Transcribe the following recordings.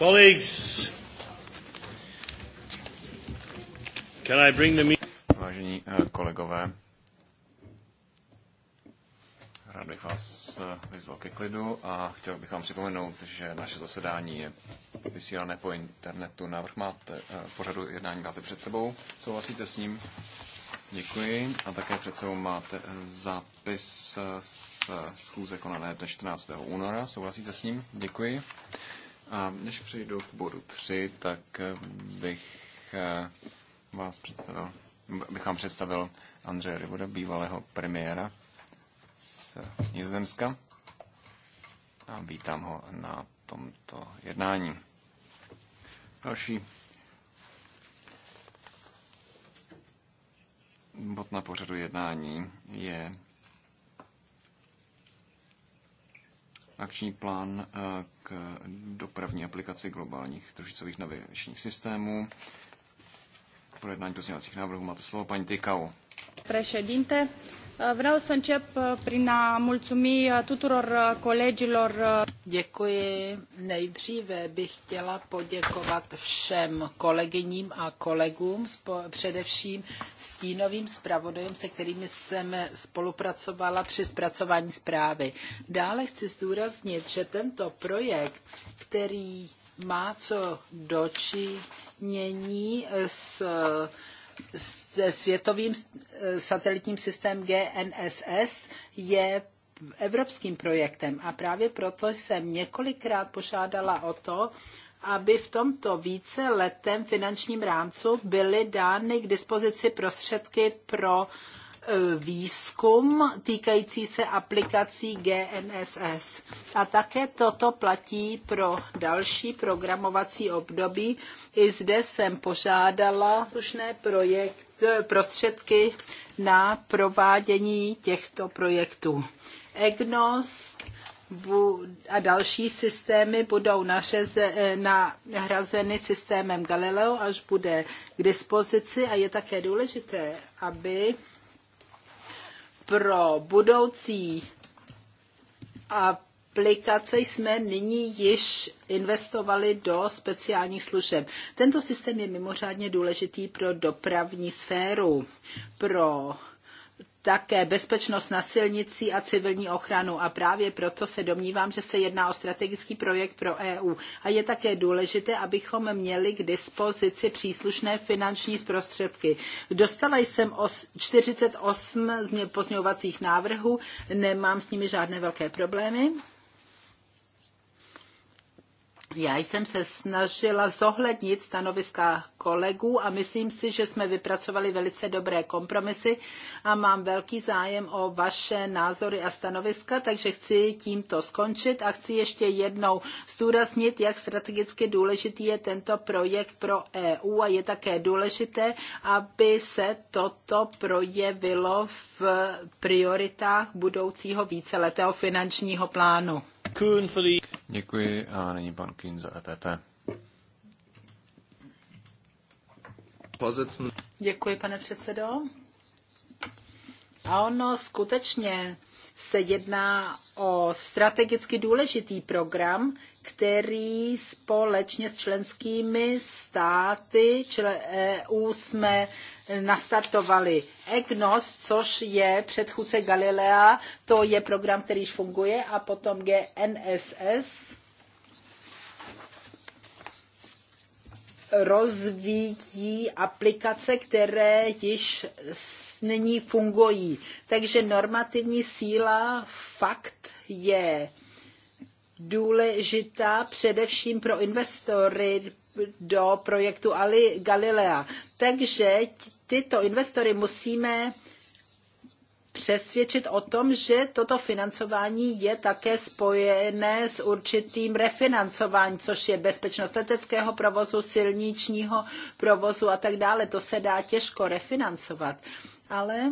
Colleagues, can I bring the Vážení eh, kolegové, rád bych vás eh, vyzval ke klidu a chtěl bych vám připomenout, že naše zasedání je vysílané po internetu. Návrh máte, eh, pořadu jednání máte před sebou. Souhlasíte s ním? Děkuji. A také před sebou máte zápis z schůze konané dne 14. února. Souhlasíte s ním? Děkuji. A než přejdu k bodu 3, tak bych eh, vás představil, bych vám představil Andreje Rivoda, bývalého premiéra z Nizozemska. A vítám ho na tomto jednání. Další bod na pořadu jednání je akční plán eh, k dopravní aplikaci globálních družicových navigačních systémů. Projednání pozměňovacích návrhů máte slovo, paní Tykau. Președinte, eh, vreau să încep eh, prin a mulțumi tuturor colegilor Děkuji. Nejdříve bych chtěla poděkovat všem kolegyním a kolegům, především stínovým zpravodajům, se kterými jsem spolupracovala při zpracování zprávy. Dále chci zdůraznit, že tento projekt, který má co dočinění s se světovým satelitním systémem GNSS je evropským projektem a právě proto jsem několikrát požádala o to, aby v tomto více letem finančním rámcu byly dány k dispozici prostředky pro e, výzkum týkající se aplikací GNSS. A také toto platí pro další programovací období. I zde jsem požádala tušné projekt, e, prostředky na provádění těchto projektů. EGNOS a další systémy budou eh, nahrazeny systémem Galileo, až bude k dispozici a je také důležité, aby pro budoucí aplikace jsme nyní již investovali do speciálních služeb. Tento systém je mimořádně důležitý pro dopravní sféru, pro také bezpečnost na silnici a civilní ochranu. A právě proto se domnívám, že se jedná o strategický projekt pro EU. A je také důležité, abychom měli k dispozici příslušné finanční prostředky. Dostala jsem 48 pozměňovacích návrhů, nemám s nimi žádné velké problémy. Já jsem se snažila zohlednit stanoviska kolegů a myslím si, že jsme vypracovali velice dobré kompromisy a mám velký zájem o vaše názory a stanoviska, takže chci tímto skončit a chci ještě jednou zdůraznit, jak strategicky důležitý je tento projekt pro EU a je také důležité, aby se toto projevilo v prioritách budoucího víceletého finančního plánu. Děkuji a nyní pan Kuhn za EPP. Děkuji, pane předsedo. A ono skutečně se jedná o strategicky důležitý program, který společně s členskými státy EU e jsme nastartovali. EGNOS, což je předchůdce Galilea, to je program, který již funguje, a potom GNSS, rozvíjí aplikace, které již nyní fungují. Takže normativní síla fakt je důležitá především pro investory do projektu Ali Galilea. Takže tyto investory musíme přesvědčit o tom, že toto financování je také spojené s určitým refinancováním, což je bezpečnost leteckého provozu, silničního provozu a tak dále. To se dá těžko refinancovat. Ale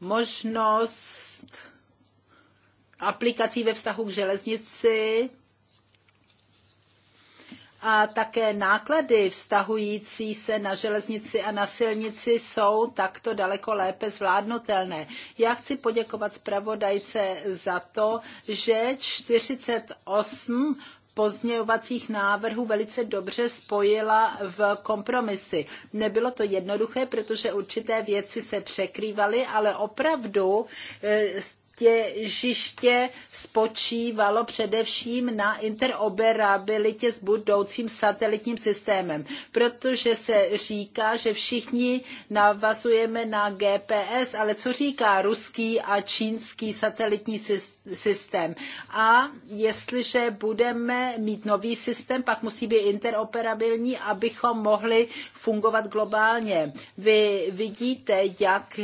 možnost aplikací ve vztahu k železnici a také náklady vztahující se na železnici a na silnici jsou takto daleko lépe zvládnutelné. Já chci poděkovat zpravodajce za to, že 48 pozměňovacích návrhů velice dobře spojila v kompromisy. Nebylo to jednoduché, protože určité věci se překrývaly, ale opravdu eh, těžiště spočívalo především na interoperabilitě s budoucím satelitním systémem, protože se říká, že všichni navazujeme na GPS, ale co říká ruský a čínský satelitní systém? A jestliže budeme mít nový systém, pak musí být interoperabilní, abychom mohli fungovat globálně. Vy vidíte, jak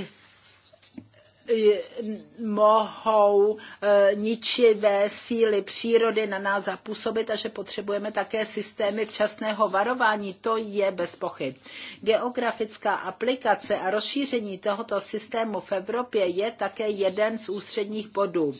mohou e, ničivé síly přírody na nás zapůsobit a že potřebujeme také systémy včasného varování. To je bez pochyb. Geografická aplikace a rozšíření tohoto systému v Evropě je také jeden z ústředních bodů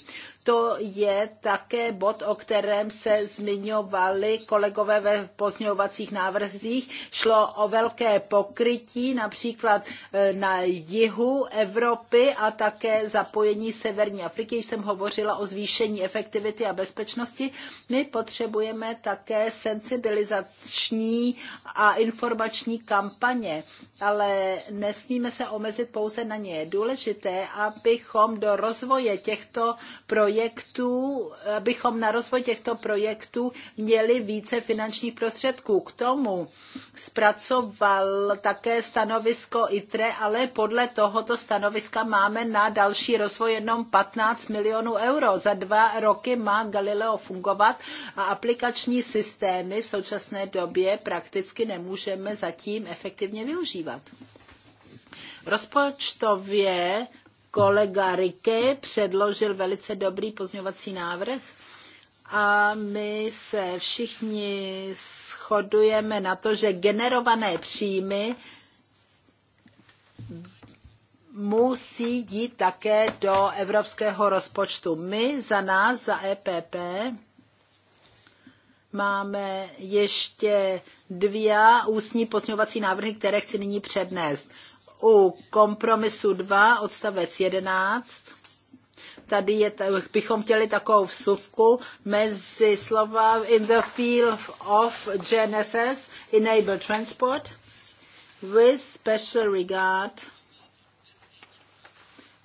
to je také bod, o kterém se zmiňovali kolegové ve pozměňovacích návrzích. Šlo o velké pokrytí například e, na jihu Evropy a také zapojení Severní Afriky. Jsem hovořila o zvýšení efektivity a bezpečnosti. My potřebujeme také sensibilizační a informační kampaně, ale nesmíme se omezit pouze na ně. Je důležité, abychom do rozvoje těchto projektů projektů, abychom na rozvoj těchto projektů měli více finančních prostředků. K tomu zpracoval také stanovisko ITRE, ale podle tohoto stanoviska máme na další rozvoj jenom 15 milionů euro. Za dva roky má Galileo fungovat a aplikační systémy v současné době prakticky nemůžeme zatím efektivně využívat. Rozpočtově kolega Rike předložil velice dobrý pozměňovací návrh a my se všichni shodujeme na to, že generované příjmy musí jít také do evropského rozpočtu. My za nás, za EPP, máme ještě dvě ústní pozměňovací návrhy, které chci nyní přednést u kompromisu 2 odstavec 11 tady je, bychom chtěli takovou vsuvku mezi slova in the field of Genesis enable transport with special regard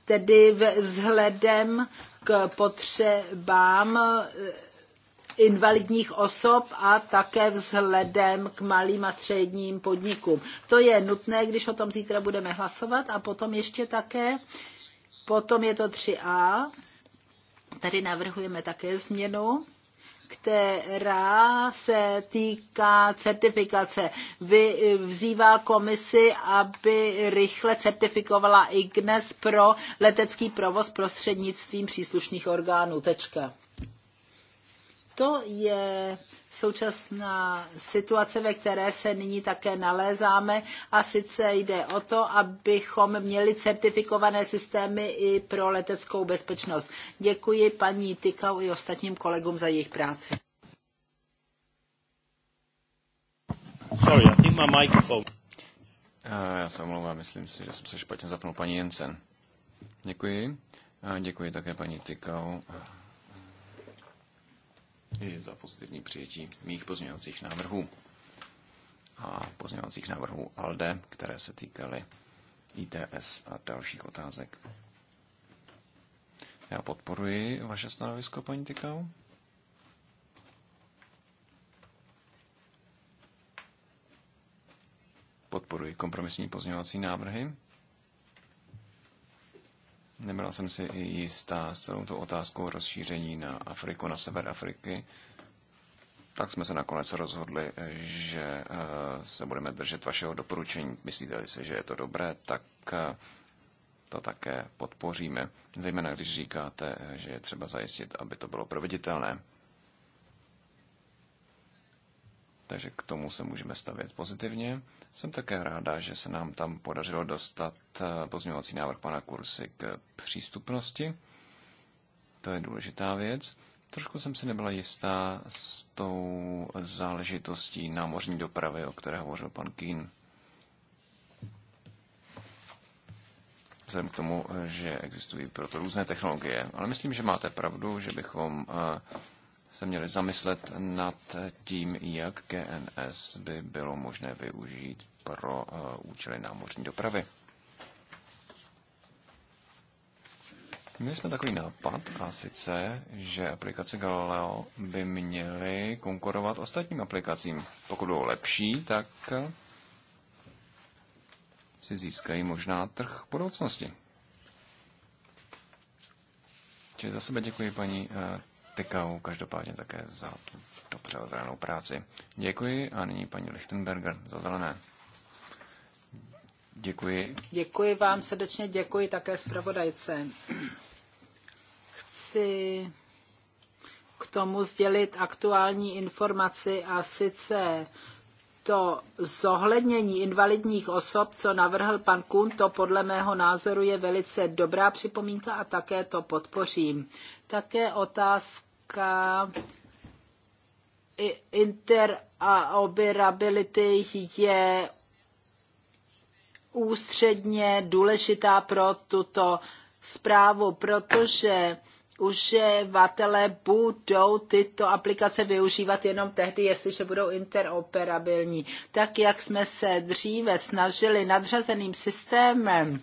tedy vzhledem k potřebám eh, invalidních osob a také vzhledem k malým a středním podnikům. To je nutné, když o tom zítra budeme hlasovat a potom ještě také, potom je to 3a, tady navrhujeme také změnu která se týká certifikace. Vy, vzývá komisi, aby rychle certifikovala IGNES pro letecký provoz prostřednictvím příslušných orgánů. Tečka. To je současná situace, ve které se nyní také nalézáme a sice jde o to, abychom měli certifikované systémy i pro leteckou bezpečnost. Děkuji paní Tykau i ostatním kolegům za jejich práci. Sorry, I think my Já se omlouvám, myslím si, že jsem se špatně zapnul paní Jensen. Děkuji. děkuji také paní Tykau i za pozitivní přijetí mých pozměňovacích návrhů a pozměňovacích návrhů ALDE, které se týkaly ITS a dalších otázek. Já podporuji vaše stanovisko, paní Tykau. Podporuji kompromisní pozměňovací návrhy. Nebyla jsem si jistá s celou tou otázkou rozšíření na Afriku, na sever Afriky. Tak jsme se nakonec rozhodli, že eh, se budeme držet vašeho doporučení. Myslíte si, že je to dobré, tak eh, to také podpoříme. Zejména když říkáte, eh, že je třeba zajistit, aby to bylo proveditelné. takže k tomu se můžeme stavět pozitivně. Jsem také ráda, že se nám tam podařilo dostat eh, pozměňovací návrh pana Kursy k přístupnosti. To je důležitá věc. Trošku jsem si nebyla jistá s tou záležitostí námořní dopravy, o které hovořil pan Kín. Vzhledem k tomu, eh, že existují proto různé technologie. Ale myslím, že máte pravdu, že bychom eh, se měli zamyslet nad tím, jak GNS by bylo možné využít pro eh, účely námořní dopravy. Měli jsme takový nápad, a sice, že aplikace Galileo by měly konkurovat ostatním aplikacím. Pokud budou lepší, tak si získají možná trh budoucnosti. Čili za sebe děkuji paní eh, Tykau každopádně také za tu dobře odvedenou práci. Děkuji a nyní paní Lichtenberger za zelené. Děkuji. Děkuji vám srdečně, děkuji také zpravodajce. Chci k tomu sdělit aktuální informaci a sice to zohlednění invalidních osob, co navrhl pan Kun, to podle mého názoru je velice dobrá připomínka a také to podpořím. Také otázka otázka interoperability je ústředně důležitá pro tuto zprávu, protože uživatelé budou tyto aplikace využívat jenom tehdy, jestliže budou interoperabilní. Tak, jak jsme se dříve snažili nadřazeným systémem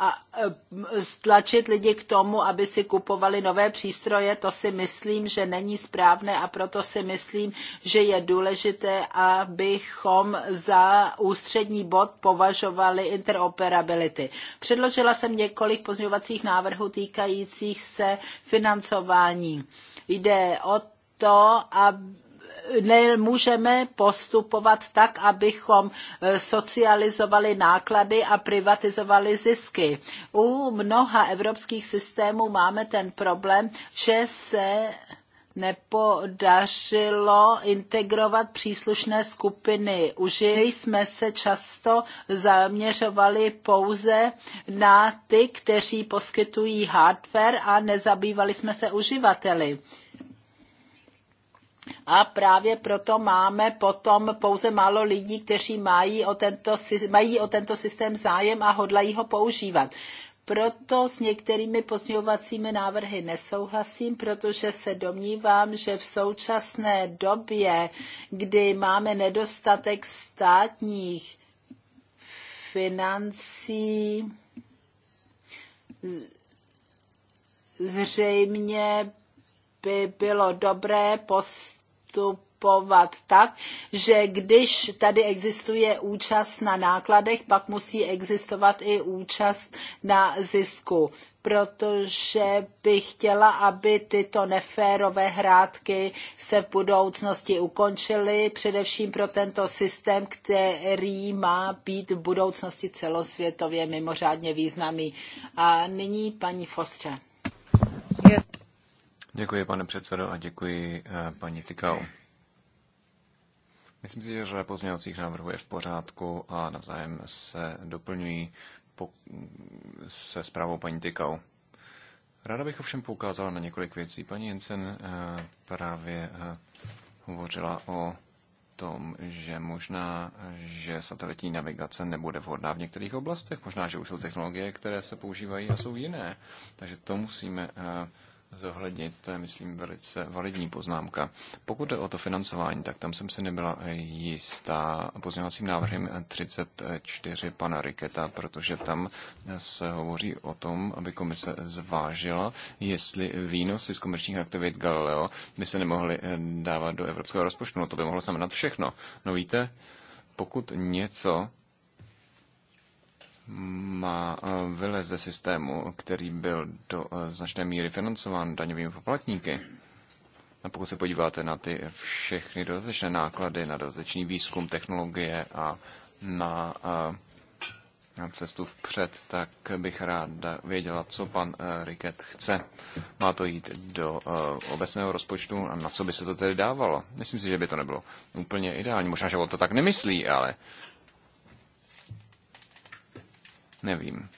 a e, stlačit lidi k tomu, aby si kupovali nové přístroje, to si myslím, že není správné a proto si myslím, že je důležité, abychom za ústřední bod považovali interoperability. Předložila jsem několik pozměňovacích návrhů týkajících se financování. Jde o to, aby nemůžeme postupovat tak, abychom eh, socializovali náklady a privatizovali zisky. U mnoha evropských systémů máme ten problém, že se nepodařilo integrovat příslušné skupiny. Už jsme se často zaměřovali pouze na ty, kteří poskytují hardware a nezabývali jsme se uživateli a právě proto máme potom pouze málo lidí, kteří mají o tento, mají o tento systém zájem a hodlají ho používat. Proto s některými pozměňovacími návrhy nesouhlasím, protože se domnívám, že v současné době, kdy máme nedostatek státních financí, zřejmě by bylo dobré postupovat postupovat tak, že když tady existuje účast na nákladech, pak musí existovat i účast na zisku protože bych chtěla, aby tyto neférové hrátky se v budoucnosti ukončily, především pro tento systém, který má být v budoucnosti celosvětově mimořádně významný. A nyní paní Fostře. Děkuji, pane předsedo, a děkuji eh, paní Tykau. Myslím si, že řada pozměňovacích návrhů je v pořádku a navzájem se doplňují po, se zprávou paní Tykau. Ráda bych ovšem poukázala na několik věcí. Paní Jensen eh, právě eh, hovořila o tom, že možná, že satelitní navigace nebude vhodná v některých oblastech. Možná, že už jsou technologie, které se používají a jsou jiné. Takže to musíme zohlednit. To je, myslím, velice validní poznámka. Pokud jde o to financování, tak tam jsem se nebyla jistá pozměňovacím návrhem 34 pana Riketa, protože tam se hovoří o tom, aby komise zvážila, jestli výnosy z komerčních aktivit Galileo by se nemohly dávat do evropského rozpočtu. No to by mohlo znamenat všechno. No víte, pokud něco má eh, vylez ze systému, který byl do eh, značné míry financován daňovými poplatníky, a pokud se podíváte na ty všechny dodatečné náklady, na dodatečný výzkum technologie a na, eh, na cestu vpřed, tak bych rád věděla, co pan Riket chce. Má to jít do obecného rozpočtu a na co by se to tedy dávalo? Myslím si, že by to nebylo úplně ideální. Možná, že on to tak nemyslí, ale Nevím.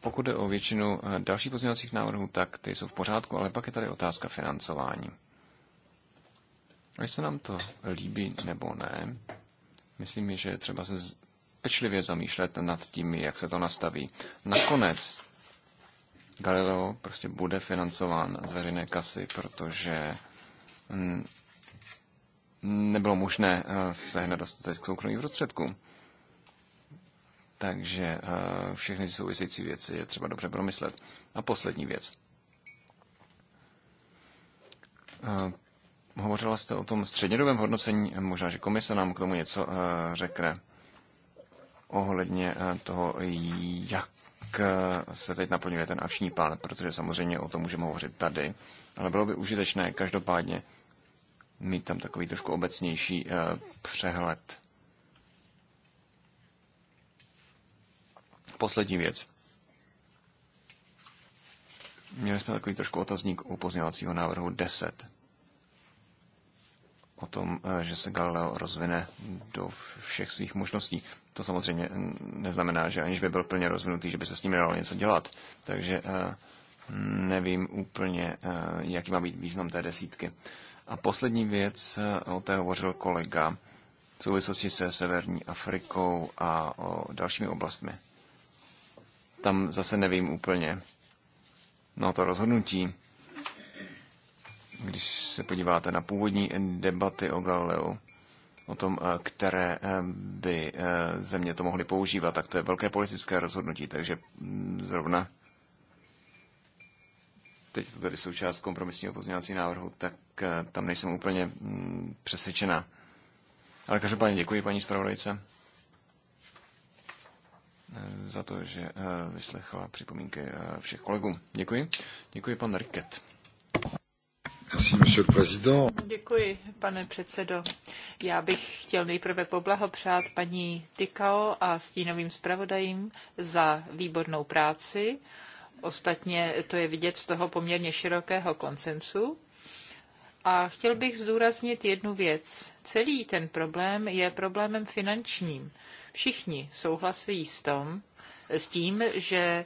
Pokud jde o většinu eh, dalších pozměňovacích návrhů, tak ty jsou v pořádku, ale pak je tady otázka financování. Ať se nám to líbí nebo ne, myslím, že třeba se pečlivě zamýšlet nad tím, jak se to nastaví. Nakonec Galileo prostě bude financován z veřejné kasy, protože mm, nebylo možné eh, sehnat dostatek soukromých prostředků. Takže eh, všechny související věci je třeba dobře promyslet. A poslední věc. Eh, hovořila jste o tom střednědobém hodnocení, možná, že komise nám k tomu něco eh, řekne ohledně toho, jak se teď naplňuje ten akční plán, protože samozřejmě o tom můžeme hovořit tady, ale bylo by užitečné každopádně mít tam takový trošku obecnější přehled Poslední věc. Měli jsme takový trošku otazník u pozměňovacího návrhu 10. O tom, eh, že se Galileo rozvine do všech svých možností. To samozřejmě neznamená, že aniž by byl plně rozvinutý, že by se s ním dalo něco dělat. Takže eh, nevím úplně, eh, jaký má být význam té desítky. A poslední věc, o té hovořil kolega v souvislosti se Severní Afrikou a o dalšími oblastmi tam zase nevím úplně. No to rozhodnutí, když se podíváte na původní debaty o Galileu, o tom, eh, které eh, by eh, země to mohly používat, tak to je velké politické rozhodnutí, takže mm, zrovna teď to tady součást kompromisního pozměňovací návrhu, tak tam nejsem úplně mm, přesvědčená. Ale každopádně děkuji paní zpravodajce. Eh, za to, že eh, vyslechla připomínky eh, všech kolegů. Děkuji. Děkuji, pan Riket. Děkuji, pane předsedo. Já bych chtěl nejprve poblahopřát paní Tykao a stínovým zpravodajím za výbornou práci. Ostatně to je vidět z toho poměrně širokého koncensu. A chtěl bych zdůraznit jednu věc. Celý ten problém je problémem finančním. Všichni souhlasí s, tom, s tím, že e,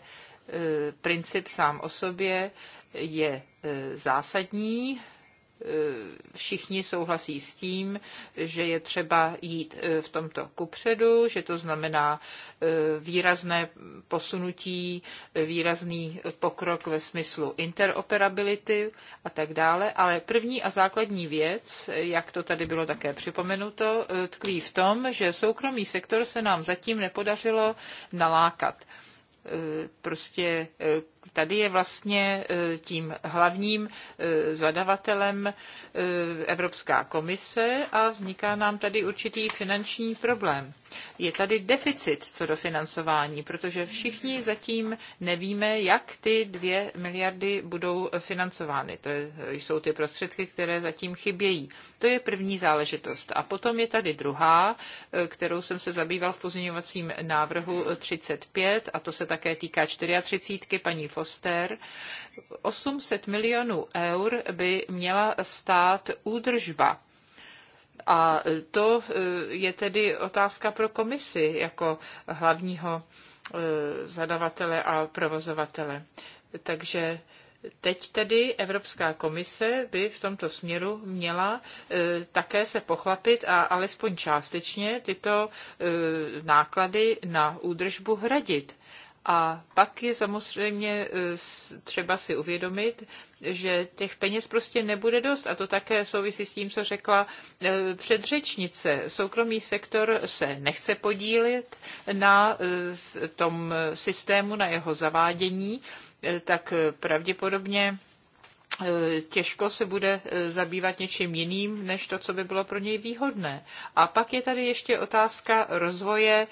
princip sám o sobě je e, zásadní, Eh, všichni souhlasí s tím, že je třeba jít eh, v tomto kupředu, že to znamená eh, výrazné posunutí, výrazný pokrok ve smyslu interoperability a tak dále. Ale první a základní věc, jak to tady bylo také připomenuto, tkví v tom, že soukromý sektor se nám zatím nepodařilo nalákat. Eh, prostě eh, tady je vlastně eh, tím hlavním zadavatelem Evropská komise a vzniká nám tady určitý finanční problém. Je tady deficit co do financování, protože všichni zatím nevíme, jak ty dvě miliardy budou financovány. To jsou ty prostředky, které zatím chybějí. To je první záležitost. A potom je tady druhá, eh, kterou jsem se zabýval v pozměňovacím návrhu 35, a to se také týká 34. paní Foster. 800 milionů eur by měla stát údržba a to eh, je tedy otázka pro komisi jako hlavního eh, zadavatele a provozovatele. Takže Teď tedy Evropská komise by v tomto směru měla eh, také se pochlapit a alespoň částečně tyto náklady na údržbu hradit. A pak je samozřejmě e, třeba si uvědomit, že těch peněz prostě nebude dost. A to také souvisí s tím, co řekla e, předřečnice. Soukromý sektor se nechce podílet na e, tom systému, na jeho zavádění, tak pravděpodobně těžko se bude zabývat něčím jiným, než to, co by bylo pro něj výhodné. A pak je tady ještě otázka rozvoje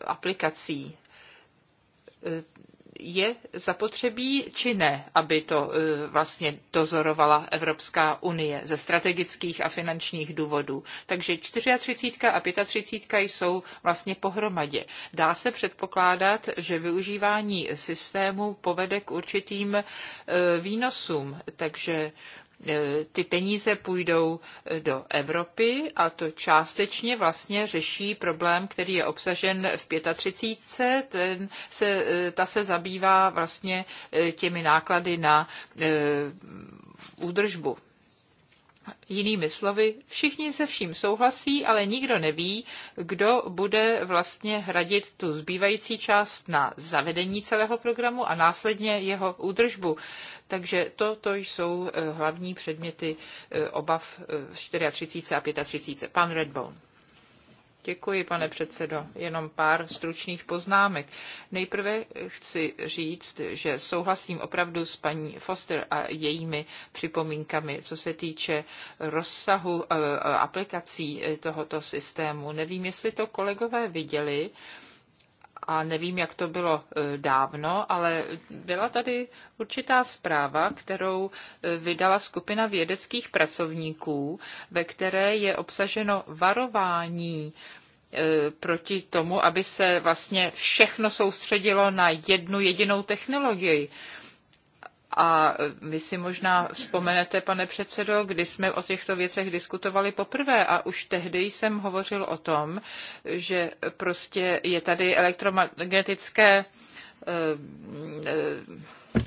aplikací je zapotřebí či ne, aby to eh, vlastně dozorovala Evropská unie ze strategických a finančních důvodů. Takže 34 a 35 jsou vlastně pohromadě. Dá se předpokládat, že využívání systému povede k určitým eh, výnosům, takže E, ty peníze půjdou e, do Evropy a to částečně vlastně řeší problém, který je obsažen v 35. Ten se, e, ta se zabývá vlastně těmi náklady na údržbu Jinými slovy, všichni se vším souhlasí, ale nikdo neví, kdo bude vlastně hradit tu zbývající část na zavedení celého programu a následně jeho údržbu. Takže toto jsou eh, hlavní předměty eh, obav 34 eh, a 35. Pan Redbone. Děkuji, pane předsedo. Jenom pár stručných poznámek. Nejprve chci říct, že souhlasím opravdu s paní Foster a jejími připomínkami, co se týče rozsahu eh, aplikací tohoto systému. Nevím, jestli to kolegové viděli, a nevím, jak to bylo eh, dávno, ale byla tady určitá zpráva, kterou eh, vydala skupina vědeckých pracovníků, ve které je obsaženo varování E, proti tomu, aby se vlastně všechno soustředilo na jednu jedinou technologii. A vy si možná vzpomenete, pane předsedo, kdy jsme o těchto věcech diskutovali poprvé a už tehdy jsem hovořil o tom, že prostě je tady elektromagnetické e, e,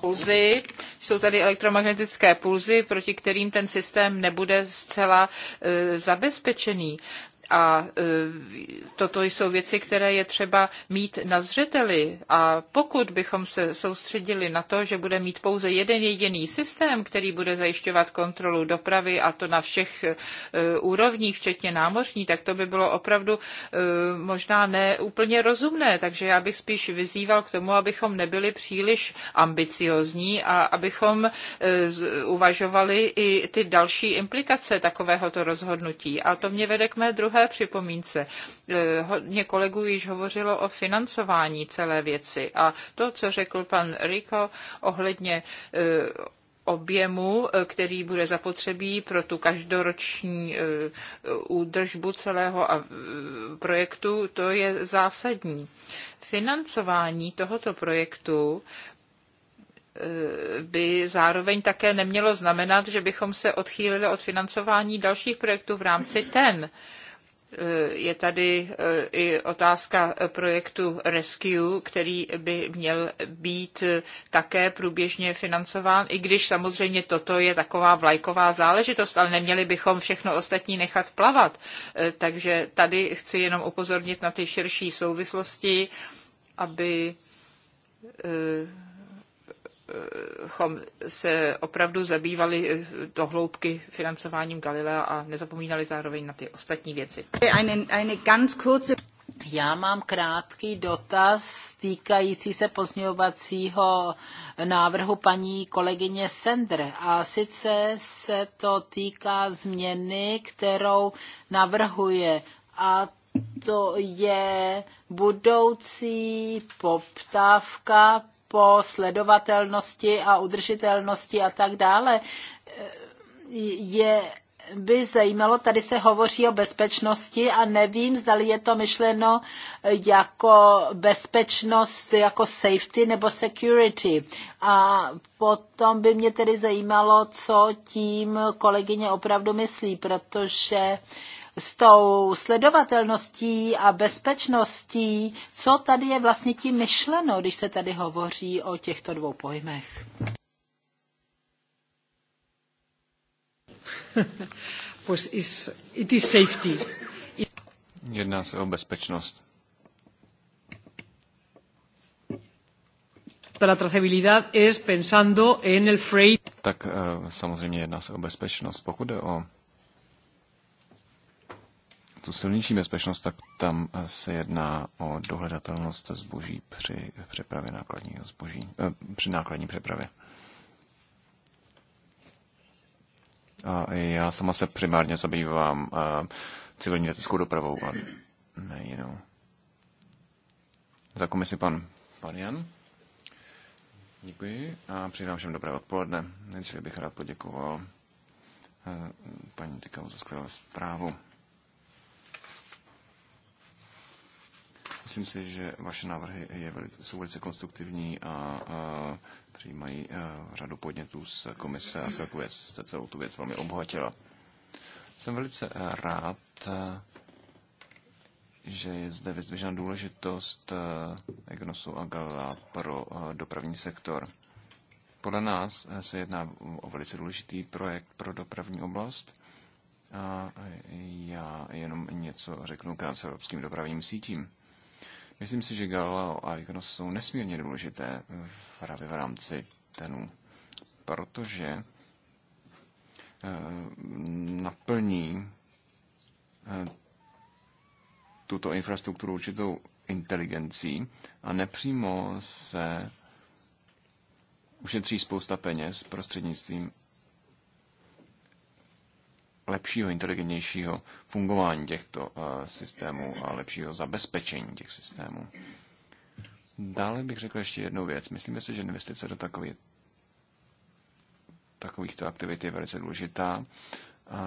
Pulzy, jsou tady elektromagnetické pulzy, proti kterým ten systém nebude zcela e, zabezpečený. A e, toto jsou věci, které je třeba mít na zřeteli. A pokud bychom se soustředili na to, že bude mít pouze jeden jediný systém, který bude zajišťovat kontrolu dopravy a to na všech e, úrovních, včetně námořní, tak to by bylo opravdu e, možná neúplně rozumné. Takže já bych spíš vyzýval k tomu, abychom nebyli příliš příliš ambiciozní a abychom e, uvažovali i ty další implikace takovéhoto rozhodnutí. A to mě vede k mé druhé připomínce. E, Hodně kolegů již hovořilo o financování celé věci a to, co řekl pan Rico ohledně e, objemu, který bude zapotřebí pro tu každoroční údržbu celého projektu, to je zásadní. Financování tohoto projektu eh, by zároveň také nemělo znamenat, že bychom se odchýlili od financování dalších projektů v rámci TEN. Eh, je tady eh, i otázka eh, projektu Rescue, který by měl být také průběžně financován, i když samozřejmě toto je taková vlajková záležitost, ale neměli bychom všechno ostatní nechat plavat. Takže tady chci jenom upozornit na ty širší souvislosti, aby abychom se opravdu zabývali eh, do hloubky financováním Galilea a nezapomínali zároveň na ty ostatní věci. Já mám krátký dotaz týkající se pozměňovacího návrhu paní kolegyně Sender. A sice se to týká změny, kterou navrhuje. A to je budoucí poptávka po sledovatelnosti a udržitelnosti a tak dále, je by zajímalo, tady se hovoří o bezpečnosti a nevím, zda je to myšleno jako bezpečnost, jako safety nebo security. A potom by mě tedy zajímalo, co tím kolegyně opravdu myslí, protože uh, s tou sledovatelností a bezpečností, co tady je vlastně tím myšleno, když se tady hovoří o těchto dvou pojmech. it is safety. Jedná se o bezpečnost. La trazabilidad es pensando en el freight. Tak eh, samozřejmě jedná se o bezpečnost. Pokud je o tu silniční bezpečnost, tak tam se jedná o dohledatelnost zboží při přepravě nákladního zboží, eh, při nákladní přepravě. A já sama se primárně zabývám eh, civilní leteckou dopravou a ne jinou. Za komisi pan Jan. Děkuji a přeji vám všem dobré odpoledne. Nejdříve bych rád poděkoval eh, paní Tykavu za skvělou zprávu. Myslím si, že vaše návrhy je velice, jsou velice konstruktivní a, a přijímají a, e, řadu podnětů z komise a celkově jste celou tu věc velmi obohatila. Jsem velice e, rád, e, že je zde vyzvěžena důležitost EGNOSu a GALA pro dopravní sektor. Podle nás se jedná o velice důležitý projekt pro dopravní oblast a já jenom něco řeknu k evropským dopravním sítím. Myslím si, že Galileo a Ignos jsou nesmírně důležité právě v rámci tenů, protože eh, naplní eh, tuto infrastrukturu určitou inteligencí a nepřímo se ušetří spousta peněz prostřednictvím lepšího, inteligentnějšího fungování těchto eh, systémů a lepšího zabezpečení těch systémů. Dále bych řekl ještě jednu věc. Myslíme si, že investice do takových, takovýchto aktivit je velice důležitá a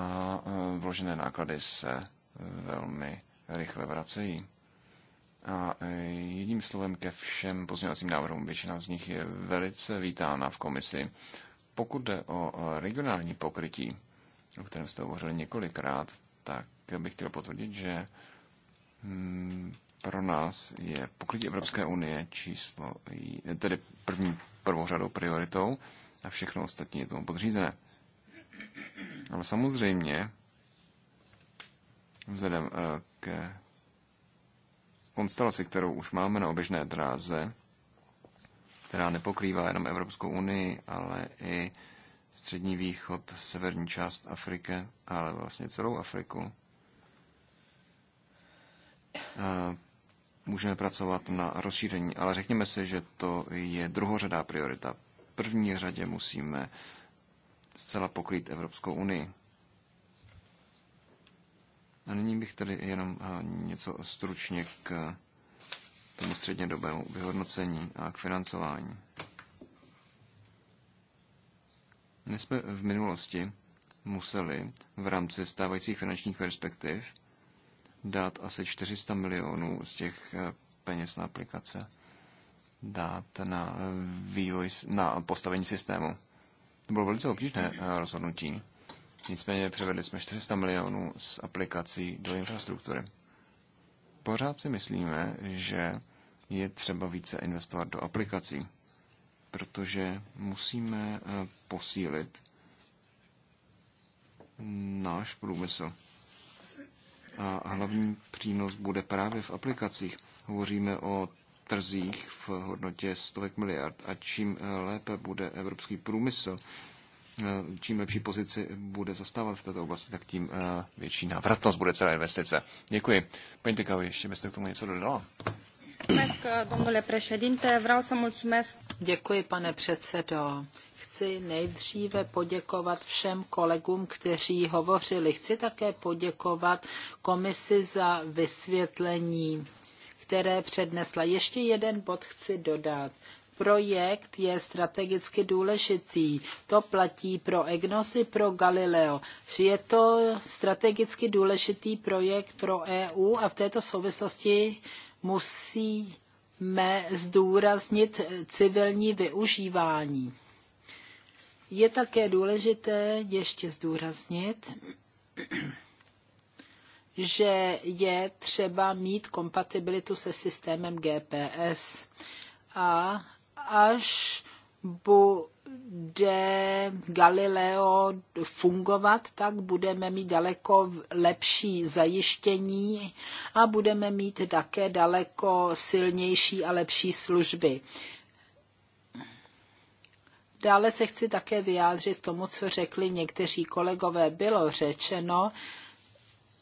eh, vložené náklady se eh, velmi rychle vracejí. A jedním slovem ke všem pozměňovacím návrhům, většina z nich je velice vítána v komisi. Pokud jde o regionální pokrytí, o kterém jste hovořili několikrát, tak bych chtěl potvrdit, že mm, pro nás je pokrytí Evropské unie číslo, tedy první prvořadou prioritou a všechno ostatní je tomu podřízené. Ale samozřejmě, vzhledem eh, k konstelaci, kterou už máme na oběžné dráze, která nepokrývá jenom Evropskou unii, ale i střední východ, severní část Afriky, ale vlastně celou Afriku. Můžeme pracovat na rozšíření, ale řekněme si, že to je druhořadá priorita. V první řadě musíme zcela pokrýt Evropskou unii. A nyní bych tady jenom něco stručně k tomu střednědobému vyhodnocení a k financování. My jsme v minulosti museli v rámci stávajících finančních perspektiv dát asi 400 milionů z těch eh, peněz na aplikace dát na eh, vývoj, na postavení systému. To bylo velice obtížné eh, rozhodnutí. Nicméně převedli jsme 400 milionů z aplikací do infrastruktury. Pořád si myslíme, že je třeba více investovat do aplikací protože musíme eh, posílit náš průmysl. A hlavní přínos bude právě v aplikacích. Hovoříme o trzích v hodnotě stovek miliard a čím eh, lépe bude evropský průmysl, eh, čím lepší pozici bude zastávat v této oblasti, tak tím větší návratnost bude celá investice. Děkuji. Paní Tykavi, ještě byste k tomu něco dodala? Děkuji, pane předsedo. Chci nejdříve poděkovat všem kolegům, kteří hovořili. Chci také poděkovat komisi za vysvětlení, které přednesla. Ještě jeden bod chci dodat. Projekt je strategicky důležitý. To platí pro EGNOS i pro Galileo. Je to strategicky důležitý projekt pro EU a v této souvislosti musíme zdůraznit civilní využívání. Je také důležité ještě zdůraznit, že je třeba mít kompatibilitu se systémem GPS. A až bu bude Galileo fungovat, tak budeme mít daleko lepší zajištění a budeme mít také daleko silnější a lepší služby. Dále se chci také vyjádřit tomu, co řekli někteří kolegové. Bylo řečeno,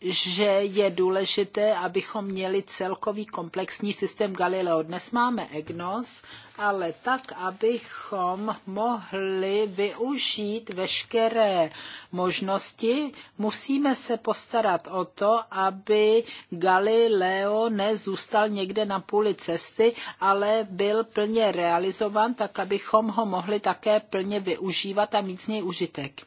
že je důležité, abychom měli celkový komplexní systém Galileo. Dnes máme EGNOS, ale tak, abychom mohli využít veškeré možnosti, musíme se postarat o to, aby Galileo nezůstal někde na půli cesty, ale byl plně realizovan, tak abychom ho mohli také plně využívat a mít z něj užitek.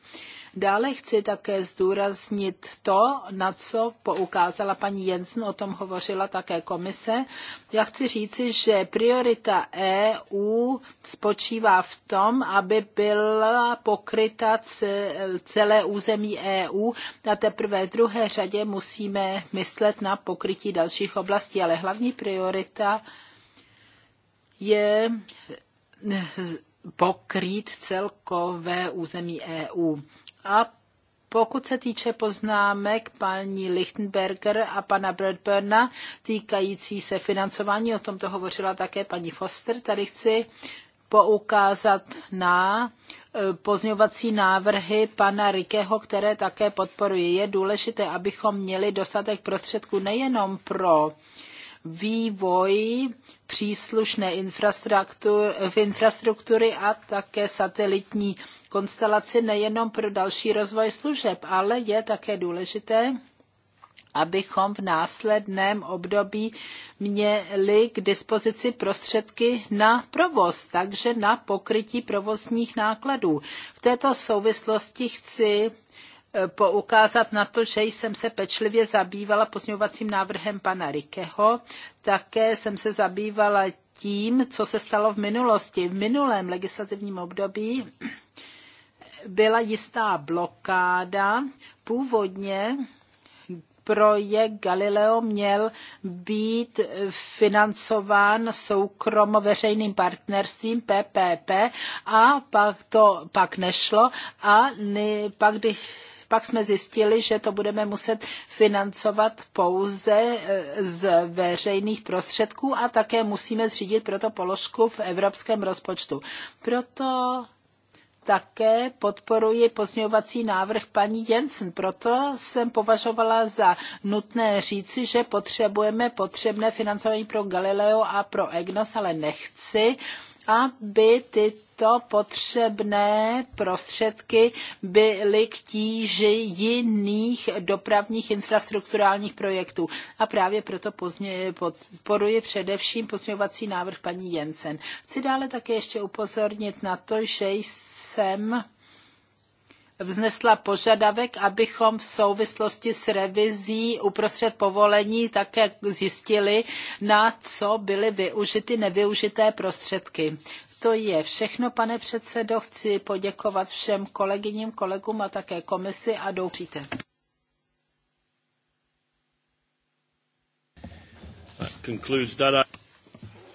Dále chci také zdůraznit to, na co poukázala paní Jensen, o tom hovořila také komise. Já chci říci, že priorita EU spočívá v tom, aby byla pokryta celé území EU Na teprve druhé řadě musíme myslet na pokrytí dalších oblastí, ale hlavní priorita je pokrýt celkové území EU. A pokud se týče poznámek paní Lichtenberger a pana Bradburna týkající se financování, o tom to hovořila také paní Foster, tady chci poukázat na e, pozňovací návrhy pana Rikeho, které také podporuje. Je důležité, abychom měli dostatek prostředků nejenom pro uh, vývoj příslušné infrastruktury, infrastruktury a také satelitní konstelaci nejenom pro další rozvoj služeb, ale je také důležité, abychom v následném období měli k dispozici prostředky na provoz, takže na pokrytí provozních nákladů. V této souvislosti chci Eh, poukázat na to, že jsem se pečlivě zabývala pozměňovacím návrhem pana Rikeho. Také jsem se zabývala tím, co se stalo v minulosti. V minulém legislativním období byla jistá blokáda. Původně projekt Galileo měl být financován soukromo-veřejným partnerstvím PPP a pak to pak nešlo a ne, pak když pak jsme zjistili, že to budeme muset financovat pouze e, z veřejných prostředků a také musíme zřídit proto položku v evropském rozpočtu. Proto také podporuji pozměňovací návrh paní Jensen. Proto jsem považovala za nutné říci, že potřebujeme potřebné financování pro Galileo a pro EGNOS, ale nechci, aby tyto to potřebné prostředky byly k tíži jiných dopravních infrastrukturálních projektů. A právě proto pozně, podporuji především pozměňovací návrh paní Jensen. Chci dále také ještě upozornit na to, že jsem vznesla požadavek, abychom v souvislosti s revizí uprostřed povolení také zjistili, na co byly využity nevyužité prostředky. To je všechno, pane předsedo. Chci poděkovat všem kolegyním, kolegům a také komisi a doufříte.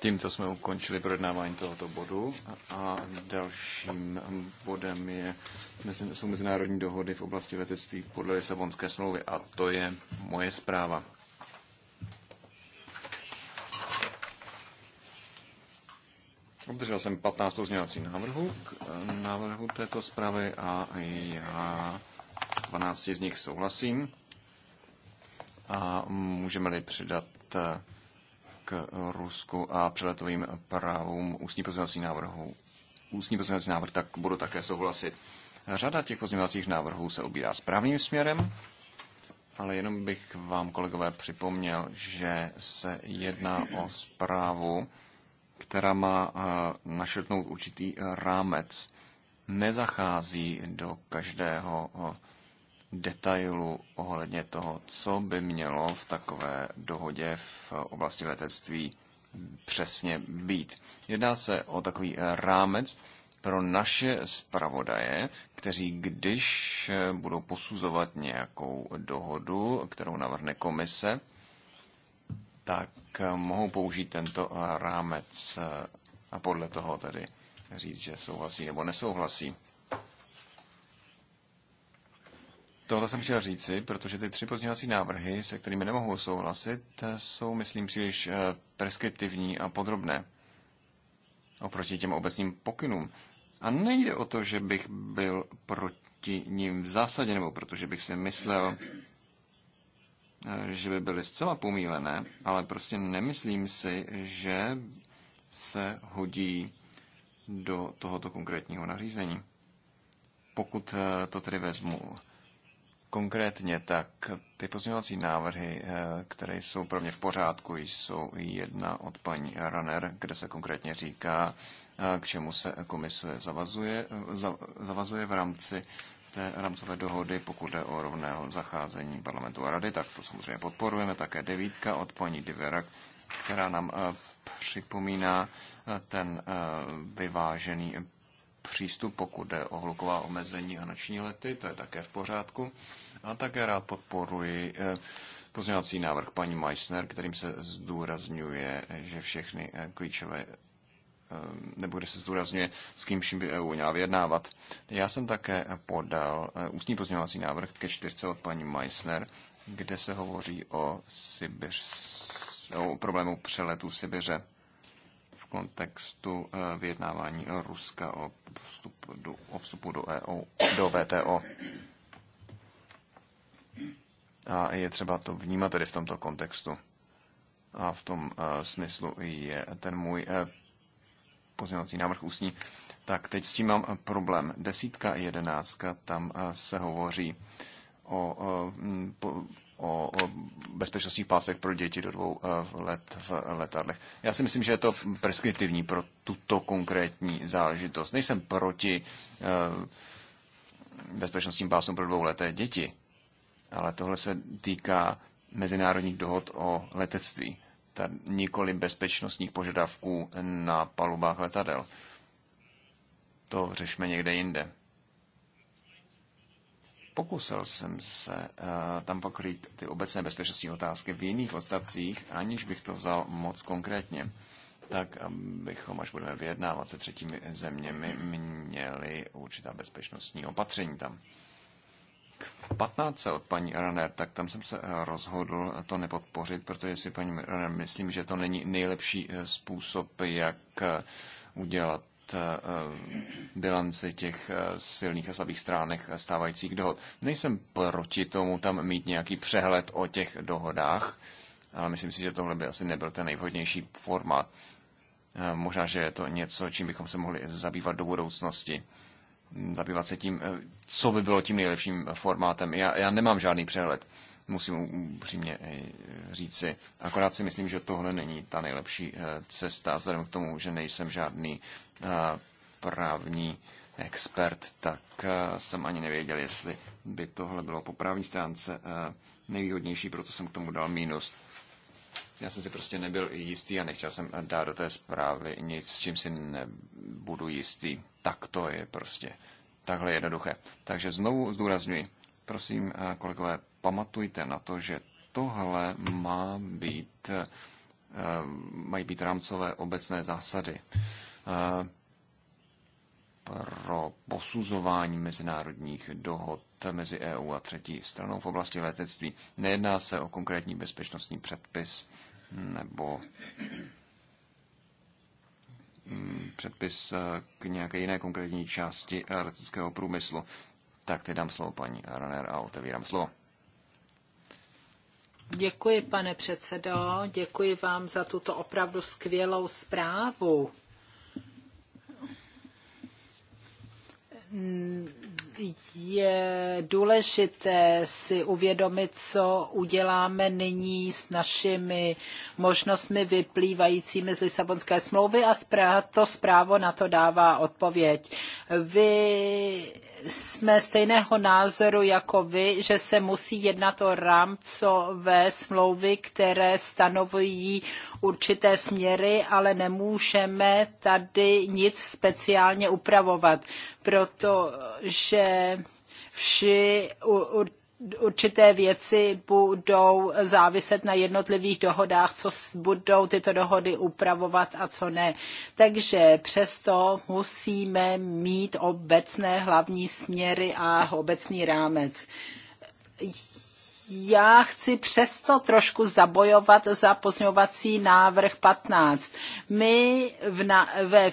Tímto jsme ukončili projednávání tohoto bodu a dalším bodem je, jsou mezinárodní dohody v oblasti letectví podle Lisabonské smlouvy a to je moje zpráva. Obdržel jsem 15 pozměňovacích návrhů k eh, návrhu této zprávy a já 12 z nich souhlasím. A můžeme-li přidat eh, k Rusku a přeletovým právům ústní pozměňovací návrhu, ústní pozměňovací návrh, tak budu také souhlasit. Řada těch pozměňovacích návrhů se ubírá správným směrem, ale jenom bych vám, kolegové, připomněl, že se jedná o zprávu, která má eh, našetnout určitý eh, rámec. Nezachází do každého eh, detailu ohledně toho, co by mělo v takové dohodě v oblasti letectví přesně být. Jedná se o takový rámec pro naše zpravodaje, kteří když budou posuzovat nějakou dohodu, kterou navrhne komise, tak eh, mohou použít tento eh, rámec eh, a podle toho tedy říct, že souhlasí nebo nesouhlasí. Tohle jsem chtěl říci, protože ty tři pozměňovací návrhy, se kterými nemohu souhlasit, jsou, myslím, příliš preskriptivní a podrobné oproti těm obecným pokynům. A nejde o to, že bych byl proti ním v zásadě, nebo protože bych si myslel, Eh, že by byly zcela pomílené, ale prostě nemyslím si, že se hodí do tohoto konkrétního nařízení. Pokud eh, to tedy vezmu konkrétně, tak ty pozměňovací návrhy, eh, které jsou pro mě v pořádku, jsou jedna od paní Runner, kde se konkrétně říká, k čemu se komise zavazuje, zavazuje v rámci té rámcové dohody, pokud jde o rovného zacházení parlamentu a rady, tak to samozřejmě podporujeme. Také devítka od paní Diverak, která nám eh, připomíná eh, ten eh, vyvážený přístup, pokud jde o hluková omezení a noční lety, to je také v pořádku. A také rád podporuji pozměňovací návrh paní Meissner, kterým se zdůrazňuje, že všechny klíčové Eh, nebo kde se zdůrazňuje, s kým vším by EU měla vyjednávat. Já jsem také podal eh, ústní pozměňovací návrh ke čtyřce od paní Meissner, kde se hovoří o, Sibir, o problému přeletu Sibiře v kontextu eh, vyjednávání Ruska o, vstup do, o vstupu do, EU, do VTO. A je třeba to vnímat tedy v tomto kontextu. A v tom uh, smyslu je ten můj uh, pozměňovací návrh ústní, tak teď s tím mám eh, problém. Desítka a jedenáctka, tam eh, se hovoří o, eh, o, o bezpečnostních pásech pro děti do dvou let v letadlech. Já si myslím, že je to preskriptivní pro tuto konkrétní záležitost. Nejsem proti bezpečnostním pásům pro leté děti, ale tohle se týká mezinárodních dohod o letectví nikoli bezpečnostních požadavků na palubách letadel. To řešme někde jinde. Pokusil jsem se uh, tam pokrýt ty obecné bezpečnostní otázky v jiných odstavcích, aniž bych to vzal moc konkrétně. Tak, abychom, až budeme vyjednávat se třetími zeměmi, měli určitá bezpečnostní opatření tam. Uh, k 15 od paní Runner, tak tam jsem se eh, rozhodl to nepodpořit, protože si paní Runner myslím, že to není nejlepší eh, způsob, jak eh, udělat bilanci těch silných a slabých stránek stávajících dohod. Nejsem proti tomu tam mít nějaký přehled o těch dohodách, ale myslím si, že tohle by asi nebyl ten nejvhodnější formát. Možná, že je to něco, čím bychom se mohli zabývat do budoucnosti zabývat se tím, eh, co by bylo tím nejlepším formátem. Já, já nemám žádný přehled, musím upřímně eh, říci. Akorát si myslím, že tohle není ta nejlepší eh, cesta, vzhledem k tomu, že nejsem žádný právní expert, tak jsem ani nevěděl, jestli by tohle bylo po právní stránce nejvýhodnější, proto jsem k tomu dal mínus. Já jsem si prostě nebyl jistý a nechtěl jsem dát do té zprávy nic, s čím si nebudu jistý. Tak to je prostě takhle jednoduché. Takže znovu zdůraznuju, prosím, eh, kolegové, pamatujte na to, že tohle má být, eh, mají být rámcové obecné zásady eh, pro posuzování mezinárodních dohod mezi EU a třetí stranou v oblasti letectví. Nejedná se o konkrétní bezpečnostní předpis, nebo mm, předpis eh, k nějaké jiné konkrétní části eh, leteckého průmyslu. Tak teď dám slovo paní Runner a otevírám slovo. Děkuji, pane předsedo, děkuji vám za tuto opravdu skvělou zprávu je důležité si uvědomit, co uděláme nyní s našimi možnostmi vyplývajícími z Lisabonské smlouvy a to zprávo na to dává odpověď. Vy jsme stejného názoru jako vy, že se musí jednat o rámcové smlouvy, které stanovují určité směry, ale nemůžeme tady nic speciálně upravovat, protože že vši určité věci budou záviset na jednotlivých dohodách, co budou tyto dohody upravovat a co ne. Takže přesto musíme mít obecné hlavní směry a obecný rámec. Já chci přesto trošku zabojovat za pozňovací návrh 15. My v na, ve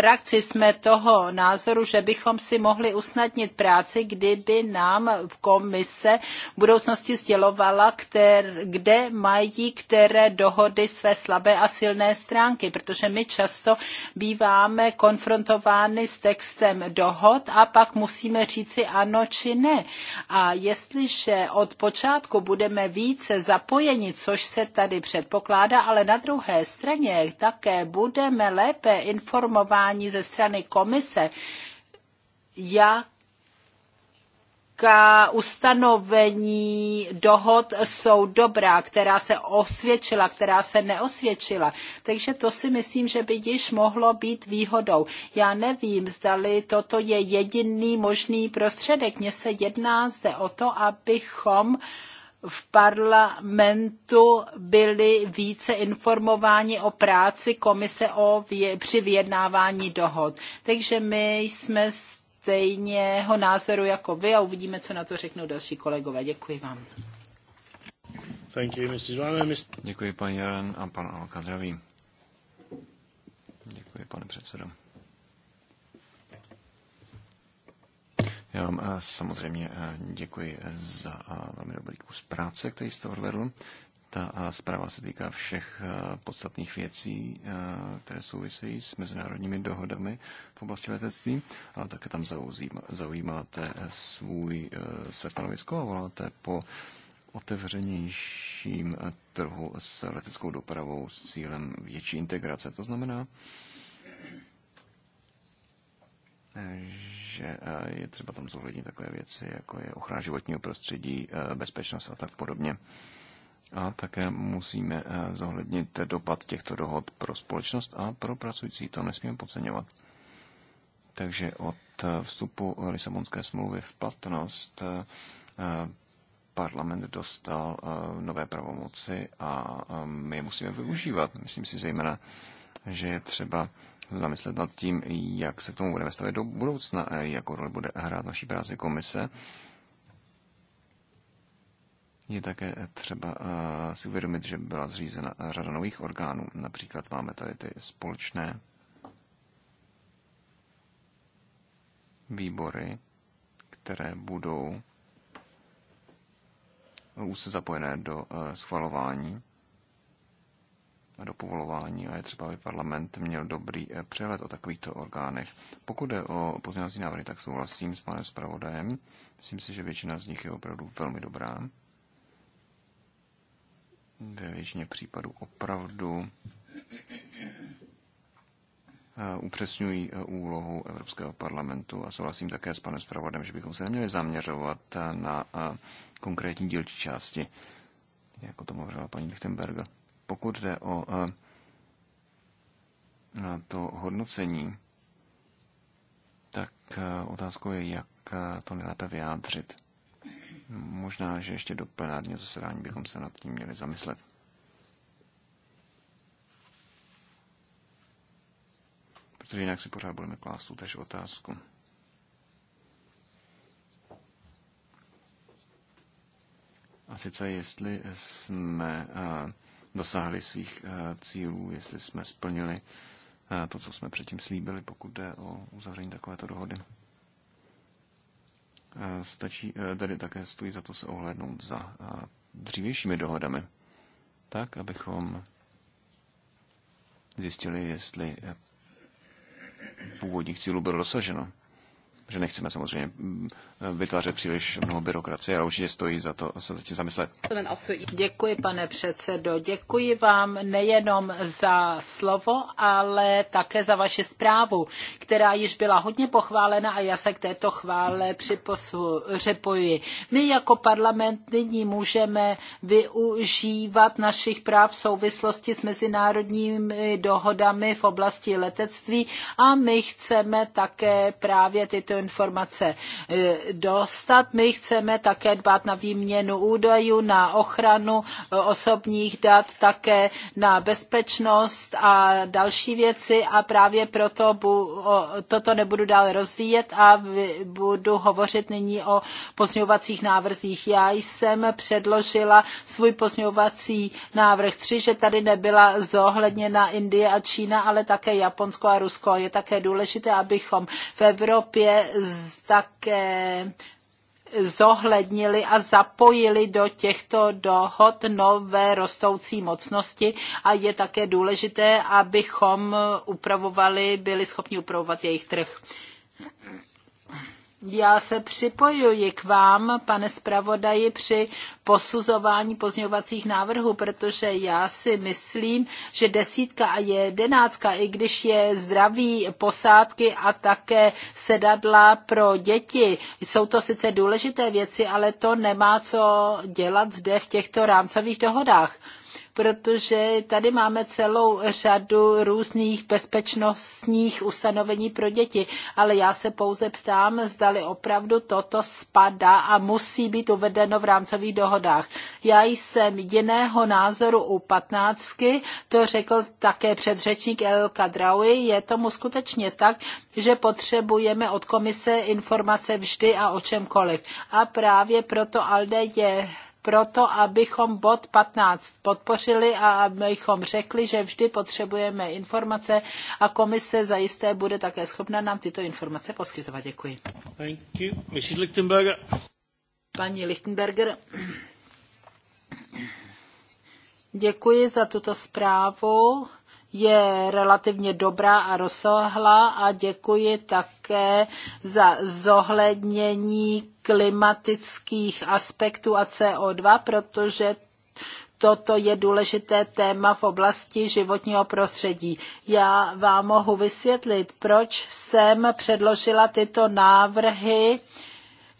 frakci jsme toho názoru, že bychom si mohli usnadnit práci, kdyby nám komise v budoucnosti sdělovala, kter, kde mají které dohody své slabé a silné stránky, protože my často býváme konfrontovány s textem dohod a pak musíme říci ano či ne. A jestliže od počátku budeme více zapojeni, což se tady předpokládá, ale na druhé straně také budeme lépe informováni, jednání ze strany komise, jaká ustanovení dohod jsou dobrá, která se osvědčila, která se neosvědčila. Takže to si myslím, že by již mohlo být výhodou. Já nevím, zdali toto je jediný možný prostředek. Mně se jedná zde o to, abychom uh, v parlamentu byli více informováni o práci komise o vě, při vyjednávání dohod. Takže my jsme stejného názoru jako vy a uvidíme, co na to řeknou další kolegové. Děkuji vám. Thank you, Mrs. Mr. Děkuji, paní Jaren a pan Alkadravý. Děkuji, pane předsedo. Já vám eh, samozřejmě eh, děkuji eh, za velmi dobrý kus práce, který jste odvedl. Ta zpráva se týká všech podstatných věcí, které souvisejí s mezinárodními dohodami v oblasti letectví, ale také tam zaujímáte svůj, své stanovisko a voláte po otevřenějším trhu s leteckou dopravou s cílem větší integrace. To znamená, že eh, je třeba tam zohlednit takové věci, jako je ochrana životního prostředí, eh, bezpečnost a tak podobně. A také musíme eh, zohlednit dopad těchto dohod pro společnost a pro pracující. To nesmíme podceňovat. Takže od vstupu Lisabonské smlouvy v platnost parlament dostal nové pravomoci a my je musíme využívat. Myslím si zejména, že je třeba zamyslet nad tím, jak se k tomu budeme stavět do budoucna, eh, jakou roli bude hrát naší práci komise. Je také eh, třeba eh, si uvědomit, že byla zřízena řada nových orgánů. Například máme tady ty společné výbory, které budou úzce zapojené do schvalování do povolování a je třeba, aby parlament měl dobrý eh, přehled o takovýchto orgánech. Pokud jde o pozměňovací návrhy, tak souhlasím s panem zpravodajem. Myslím si, že většina z nich je opravdu velmi dobrá. Ve většině případů opravdu eh, upřesňují eh, úlohu Evropského parlamentu a souhlasím také s panem zpravodem, že bychom se neměli zaměřovat na konkrétní dílčí části, jako tomu hovořila paní Lichtenberger pokud jde o eh, to hodnocení, tak eh, otázkou je, jak eh, to nejlépe vyjádřit. Možná, že ještě do plenárního zasedání bychom se nad tím měli zamyslet. Protože jinak si pořád budeme klást tu otázku. A sice jestli jsme dosáhli svých eh, cílů, jestli jsme splnili eh, to, co jsme předtím slíbili, pokud jde o uzavření takovéto dohody. Eh, stačí, tady také stojí za to se ohlédnout za dřívějšími dohodami, tak, abychom zjistili, jestli původních cílů bylo dosaženo že nechceme samozřejmě mm, vytvářet příliš mnoho byrokracie, ale určitě stojí za to se tím zamyslet. Děkuji, pane předsedo. Děkuji vám nejenom za slovo, ale také za vaši zprávu, která již byla hodně pochválena a já se k této chvále připojuji. My jako parlament nyní můžeme využívat našich práv v souvislosti s mezinárodními dohodami v oblasti letectví a my chceme také právě tyto tyto informace eh, dostat. My chceme také dbát na výměnu údajů, na ochranu eh, osobních dat, také na bezpečnost a další věci a právě proto bu, o, toto nebudu dále rozvíjet a v, budu hovořit nyní o pozměňovacích návrzích. Já jsem předložila svůj pozměňovací návrh 3, že tady nebyla zohledněna Indie a Čína, ale také Japonsko a Rusko. Je také důležité, abychom v Evropě také zohlednili a zapojili do těchto dohod nové rostoucí mocnosti a je také důležité, abychom upravovali, byli schopni upravovat jejich trh. Já se připojuji k vám, pane zpravodaji, při posuzování pozňovacích návrhů, protože já si myslím, že desítka a jedenáctka, i když je zdraví posádky a také sedadla pro děti, jsou to sice důležité věci, ale to nemá co dělat zde v těchto rámcových dohodách protože tady máme celou řadu různých bezpečnostních ustanovení pro děti, ale já se pouze ptám, zdali opravdu toto spadá a musí být uvedeno v rámcových dohodách. Já jsem jiného názoru u patnáctky, to řekl také předřečník El Kadraui, je tomu skutečně tak, že potřebujeme od komise informace vždy a o čemkoliv. A právě proto ALDE je proto, abychom bod 15 podpořili a abychom řekli, že vždy potřebujeme informace a komise zajisté bude také schopna nám tyto informace poskytovat. Děkuji. Thank you. Mrs. Lichtenberger. Paní Lichtenberger. Děkuji za tuto zprávu je relativně dobrá a rozsáhlá a děkuji také za zohlednění klimatických aspektů a CO2, protože toto je důležité téma v oblasti životního prostředí. Já vám mohu vysvětlit, proč jsem předložila tyto návrhy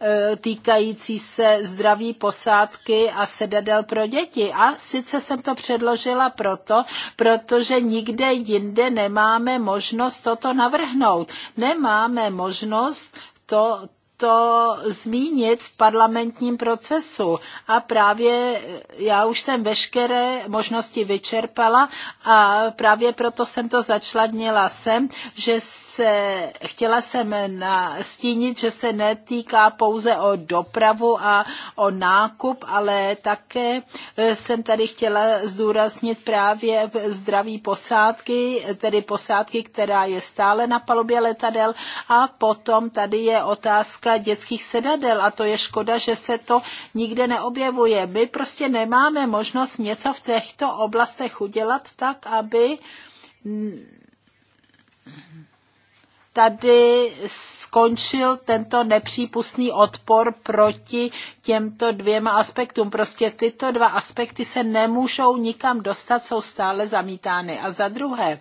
e, týkající se zdraví posádky a sedadel pro děti. A sice jsem to předložila proto, protože nikde jinde nemáme možnost toto navrhnout. Nemáme možnost to to zmínit v parlamentním procesu. A právě já už jsem veškeré možnosti vyčerpala a právě proto jsem to začladnila sem, že se, chtěla jsem nastínit, že se netýká pouze o dopravu a o nákup, ale také jsem tady chtěla zdůraznit právě zdraví posádky, tedy posádky, která je stále na palubě letadel a potom tady je otázka otázka dětských sedadel a to je škoda, že se to nikde neobjevuje. My prostě nemáme možnost něco v těchto oblastech udělat tak, aby tady skončil tento nepřípustný odpor proti těmto dvěma aspektům. Prostě tyto dva aspekty se nemůžou nikam dostat, jsou stále zamítány. A za druhé,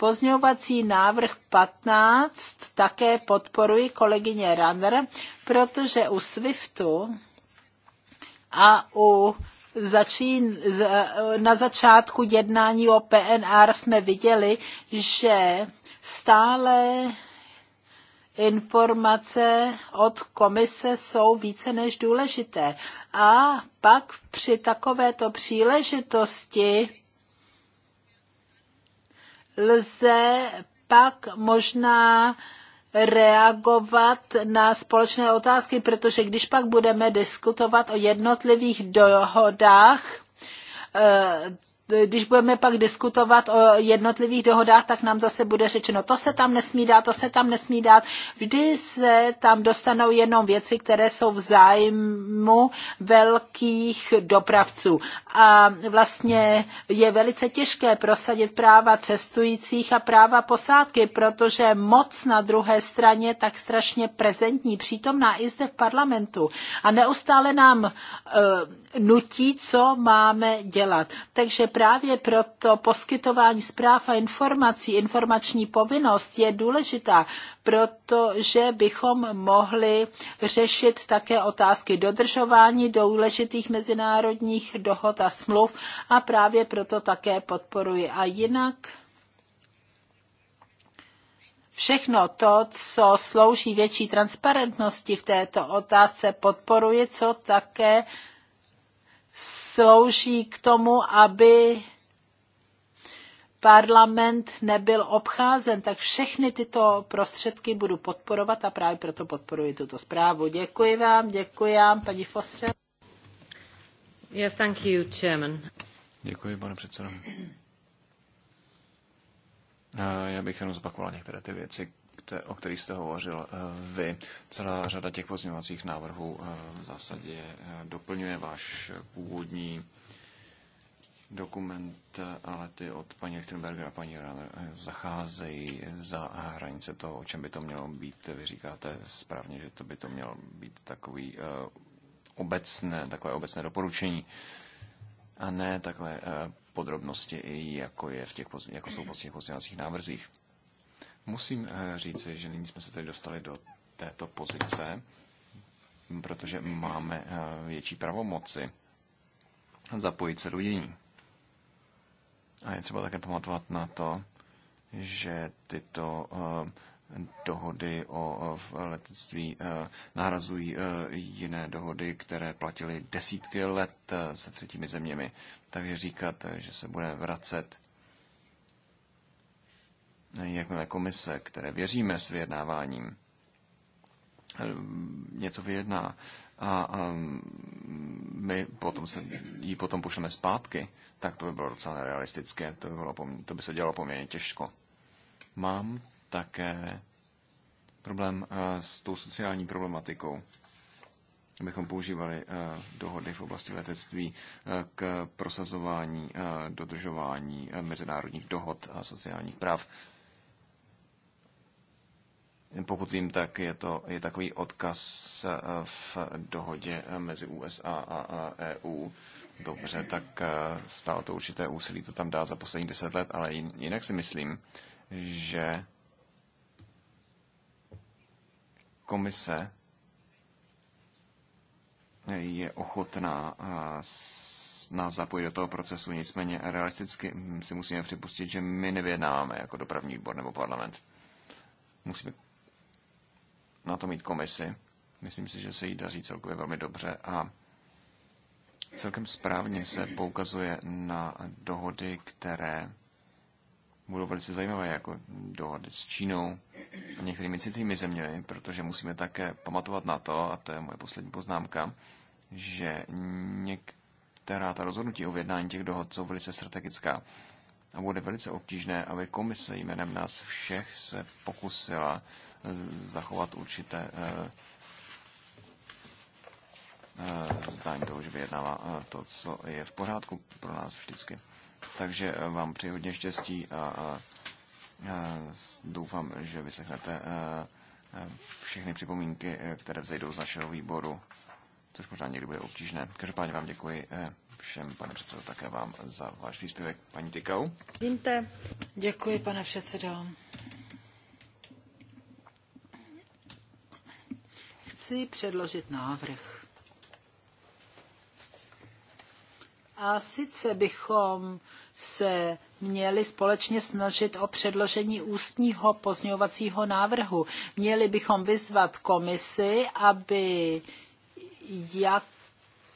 Pozňovací návrh 15 také podporuji kolegyně Runner, protože u SWIFTu a u začín, na začátku jednání o PNR jsme viděli, že stále informace od komise jsou více než důležité. A pak při takovéto příležitosti lze pak možná reagovat na společné otázky, protože když pak budeme diskutovat o jednotlivých dohodách, eh, když budeme pak diskutovat o jednotlivých dohodách, tak nám zase bude řečeno, to se tam nesmí dát, to se tam nesmí dát. Vždy se tam dostanou jenom věci, které jsou v zájmu velkých dopravců. A vlastně je velice těžké prosadit práva cestujících a práva posádky, protože moc na druhé straně tak strašně prezentní, přítomná i zde v parlamentu. A neustále nám uh, nutí, co máme dělat. Takže právě proto poskytování zpráv a informací, informační povinnost je důležitá, protože bychom mohli řešit také otázky dodržování důležitých mezinárodních dohod a smluv a právě proto také podporuji. A jinak Všechno to, co slouží větší transparentnosti v této otázce, podporuje, co také slouží k tomu, aby parlament nebyl obcházen, tak všechny tyto prostředky budu podporovat a právě proto podporuji tuto zprávu. Děkuji vám, děkuji vám, paní Foster. Yes, thank you, chairman. Děkuji, pane předsedo. Já bych jenom zopakoval některé ty věci, o který jste hovořil eh, vy. Celá řada těch pozměňovacích návrhů eh, v zásadě eh, doplňuje váš původní dokument, ale ty od paní Lichtenberger a paní Runner zacházejí za hranice toho, o čem by to mělo být. Vy říkáte správně, že to by to mělo být takový obecné, takové obecné doporučení a ne takové podrobnosti, jako, je v těch, jako jsou v těch pozměňovacích návrzích. Musím eh, říci, že nyní jsme se tady dostali do této pozice, protože máme eh, větší pravomoci zapojit se do dění. A je třeba také pamatovat na to, že tyto eh, dohody o letectví nahrazují jiné dohody, které platily desítky let se třetími zeměmi. Takže říkat, že se bude vracet jakmile komise, které věříme s vyjednáváním, něco vyjedná a, a my potom se, ji potom pošleme zpátky, tak to by bylo docela nerealistické, to by, bylo, to by se dělalo poměrně těžko. Mám také problém eh, s tou sociální problematikou. Abychom používali eh, dohody v oblasti letectví eh, k prosazování, dodržování mezinárodních dohod a sociálních práv. Pokud vím, tak je to je takový odkaz eh, v dohodě eh, mezi USA a EU. Dobře, tak eh, stálo to určité úsilí to tam dát za poslední deset let, ale jinak si myslím, že komise je ochotná nás zapojit do toho procesu, nicméně realisticky hm, si musíme připustit, že my nevědnáme jako dopravní výbor nebo parlament. Musíme na to mít komisi. Myslím si, že se jí daří celkově velmi dobře a celkem správně se poukazuje na dohody, které budou velice zajímavé, jako dohody s Čínou a některými citlivými zeměmi, protože musíme také pamatovat na to, a to je moje poslední poznámka, že některá ta rozhodnutí o vyjednání těch dohod jsou velice strategická a bude velice obtížné, aby komise jménem nás všech se pokusila Eh, zachovat určité eh, eh, zdání toho, že vyjednává to, co je v pořádku pro nás vždycky. Takže vám přeji hodně štěstí a doufám, že vysechnete všechny připomínky, které vzejdou z našeho výboru, což možná někdy bude obtížné. Každopádně vám děkuji všem, pane předsedo, také vám za váš příspěvek, paní Tykau. Děkuji, pane předsedo. chci předložit návrh. A sice bychom se měli společně snažit o předložení ústního pozňovacího návrhu. Měli bychom vyzvat komisi, aby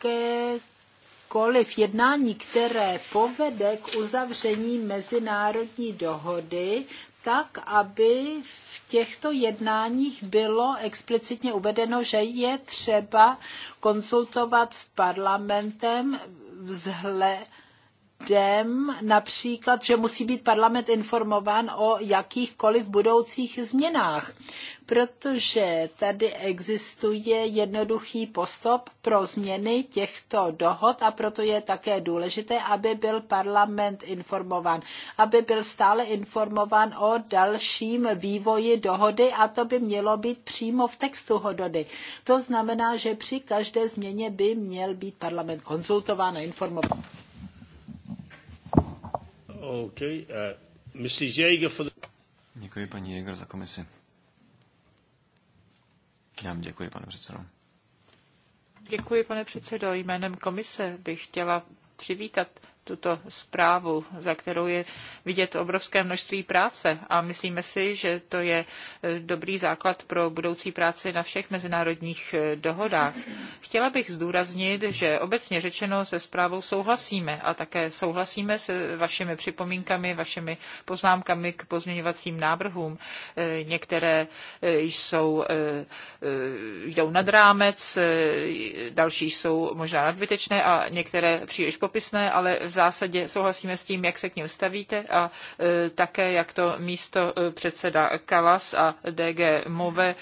jakékoliv jednání, které povede k uzavření mezinárodní dohody, tak, aby v těchto jednáních bylo explicitně uvedeno, že je třeba konsultovat s parlamentem vzhled, lidem například, že musí být parlament informován o jakýchkoliv budoucích změnách, protože tady existuje jednoduchý postup pro změny těchto dohod a proto je také důležité, aby byl parlament informován, aby byl stále informován o dalším vývoji dohody a to by mělo být přímo v textu dohody. To znamená, že při každé změně by měl být parlament konzultován a informován. Uh, děkuji paní Jäger za komisi. Já vám děkuji, pane předsedo. Děkuji, pane předsedo. Jménem komise bych chtěla přivítat tuto zprávu, za kterou je vidět obrovské množství práce a myslíme si, že to je e, dobrý základ pro budoucí práci na všech mezinárodních e, dohodách. Chtěla bych zdůraznit, že obecně řečeno se zprávou souhlasíme a také souhlasíme se vašimi připomínkami, vašimi poznámkami k pozměňovacím návrhům. E, některé jsou, jdou nad rámec, další jsou možná nadbytečné a některé příliš popisné, ale zásadě souhlasíme s tím, jak se k němu stavíte a e, také, jak to místo e, předseda Kalas a DG Move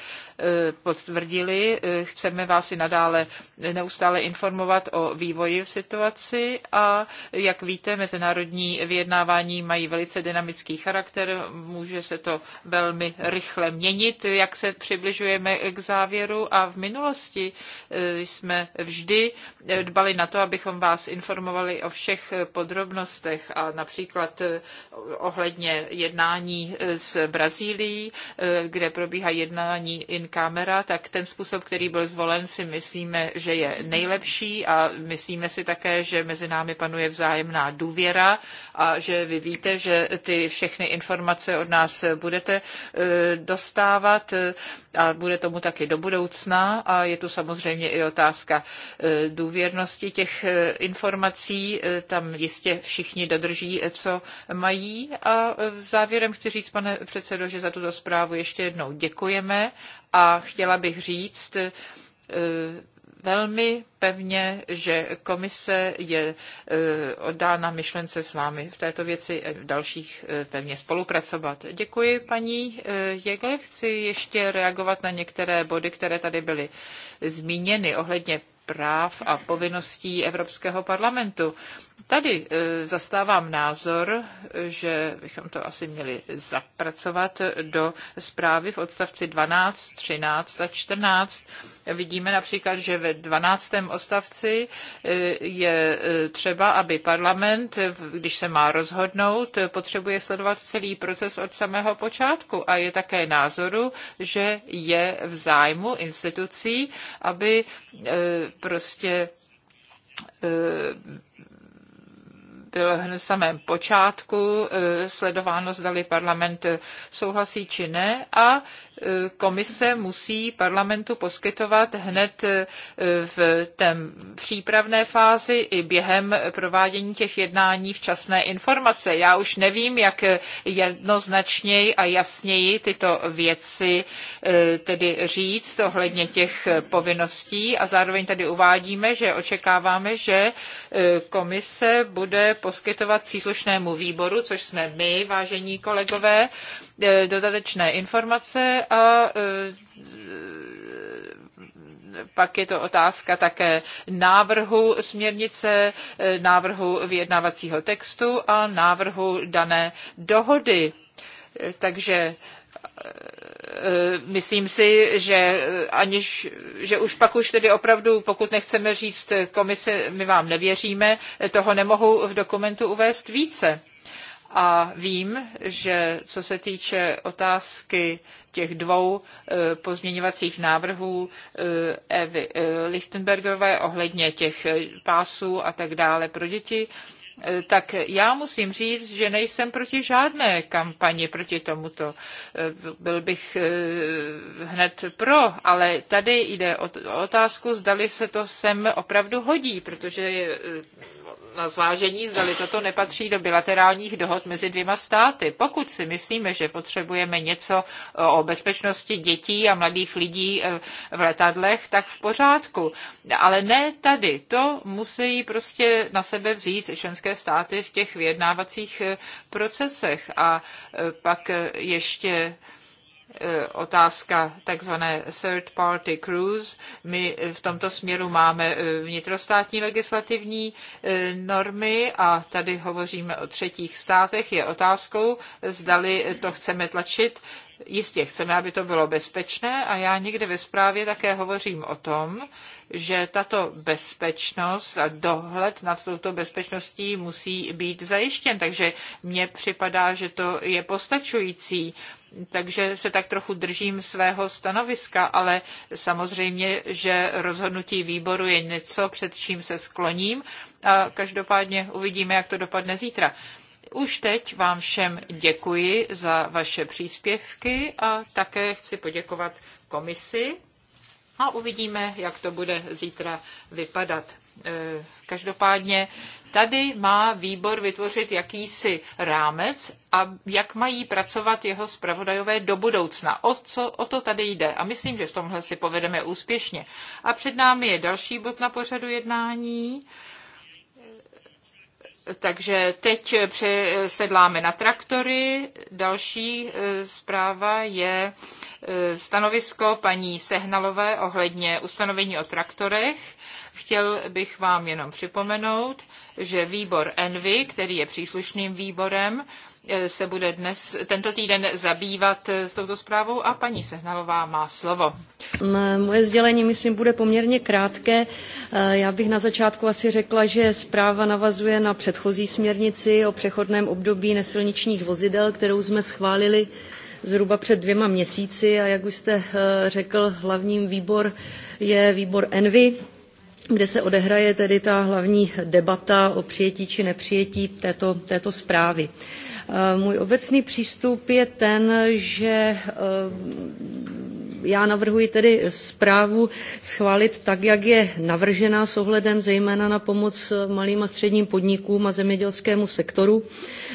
Eh, potvrdili. Eh, chceme vás i nadále neustále informovat o vývoji v situaci a jak víte, mezinárodní vyjednávání mají velice dynamický charakter, může se to velmi rychle měnit, jak se přibližujeme k závěru a v minulosti eh, jsme vždy dbali na to, abychom vás informovali o všech podrobnostech a například ohledně jednání s Brazílií, kde probíhá jednání in Kamera, tak ten způsob, který byl zvolen, si myslíme, že je nejlepší a myslíme si také, že mezi námi panuje vzájemná důvěra a že vy víte, že ty všechny informace od nás budete e, dostávat e, a bude tomu taky do budoucna a je tu samozřejmě i otázka e, důvěrnosti těch informací. Tam jistě všichni dodrží, co mají a závěrem chci říct, pane předsedo, že za tuto zprávu ještě jednou děkujeme a chtěla bych říct eh, velmi pevně, že komise je eh, oddána myšlence s vámi v této věci a v dalších eh, pevně spolupracovat. Děkuji paní Jege. Chci ještě reagovat na některé body, které tady byly zmíněny ohledně práv a povinností Evropského parlamentu. Tady e, zastávám názor, že bychom to asi měli zapracovat do zprávy v odstavci 12, 13 a 14. Vidíme například, že ve 12. odstavci e, je e, třeba, aby parlament, když se má rozhodnout, potřebuje sledovat celý proces od samého počátku a je také názoru, že je v zájmu institucí, aby prostě eh, byl hned samém počátku eh, sledováno, zdali parlament souhlasí či ne a eh, komise musí parlamentu poskytovat hned eh, v té přípravné fázi i během provádění těch jednání včasné informace. Já už nevím, jak jednoznačněji a jasněji tyto věci tedy říct ohledně těch povinností a zároveň tady uvádíme, že očekáváme, že komise bude poskytovat příslušnému výboru, což jsme my, vážení kolegové, eh, dodatečné informace a eh, pak je to otázka také návrhu směrnice, eh, návrhu vyjednávacího textu a návrhu dané dohody. Takže Eh, myslím si, že eh, aniž, že už pak už tedy opravdu, pokud nechceme říct eh, komise, my vám nevěříme, toho nemohu v dokumentu uvést více. A vím, že co se týče otázky těch dvou pozměňovacích návrhů Evy Lichtenbergové ohledně těch pásů a tak dále pro děti, Eh, tak já musím říct, že nejsem proti žádné kampani proti tomuto. Eh, byl bych eh, hned pro, ale tady jde o otázku, zdali se to sem opravdu hodí, protože na zvážení, zdali toto nepatří do bilaterálních dohod mezi dvěma státy. Pokud si myslíme, že potřebujeme něco o bezpečnosti dětí a mladých lidí v letadlech, tak v pořádku. Ale ne tady. To musí prostě na sebe vzít členské členské státy v těch vyjednávacích eh, procesech. A eh, pak eh, ještě otázka takzvané third party cruise. My v tomto směru máme vnitrostátní legislativní normy a tady hovoříme o třetích státech. Je otázkou, zdali to chceme tlačit Jistě chceme, aby to bylo bezpečné a já někde ve zprávě také hovořím o tom, že tato bezpečnost a dohled nad touto bezpečností musí být zajištěn. Takže mně připadá, že to je postačující. Takže se tak trochu držím svého stanoviska, ale samozřejmě, že rozhodnutí výboru je něco, před čím se skloním a každopádně uvidíme, jak to dopadne zítra. Už teď vám všem děkuji za vaše příspěvky a také chci poděkovat komisi a uvidíme, jak to bude zítra vypadat. Eh, každopádně tady má výbor vytvořit jakýsi rámec a jak mají pracovat jeho zpravodajové do budoucna. O, co, o to tady jde a myslím, že v tomhle si povedeme úspěšně. A před námi je další bod na pořadu jednání takže teď přesedláme na traktory. Další e, zpráva je e, stanovisko paní Sehnalové ohledně ustanovení o traktorech. Chtěl bych vám jenom připomenout, že výbor Envy, který je příslušným výborem, eh, se bude dnes, tento týden zabývat eh, s touto zprávou a paní Sehnalová má slovo. Moje sdělení, myslím, bude poměrně krátké. Eh, já bych na začátku asi řekla, že zpráva navazuje na předchozí směrnici o přechodném období nesilničních vozidel, kterou jsme schválili zhruba před dvěma měsíci a jak už jste řekl, hlavním výbor je výbor Envy kde se odehraje tedy ta hlavní debata o přijetí či nepřijetí této, této zprávy. Eh, můj obecný přístup je ten, že eh, já navrhuji tedy zprávu schválit tak, jak je navržena s ohledem zejména na pomoc malým a středním podnikům a zemědělskému sektoru.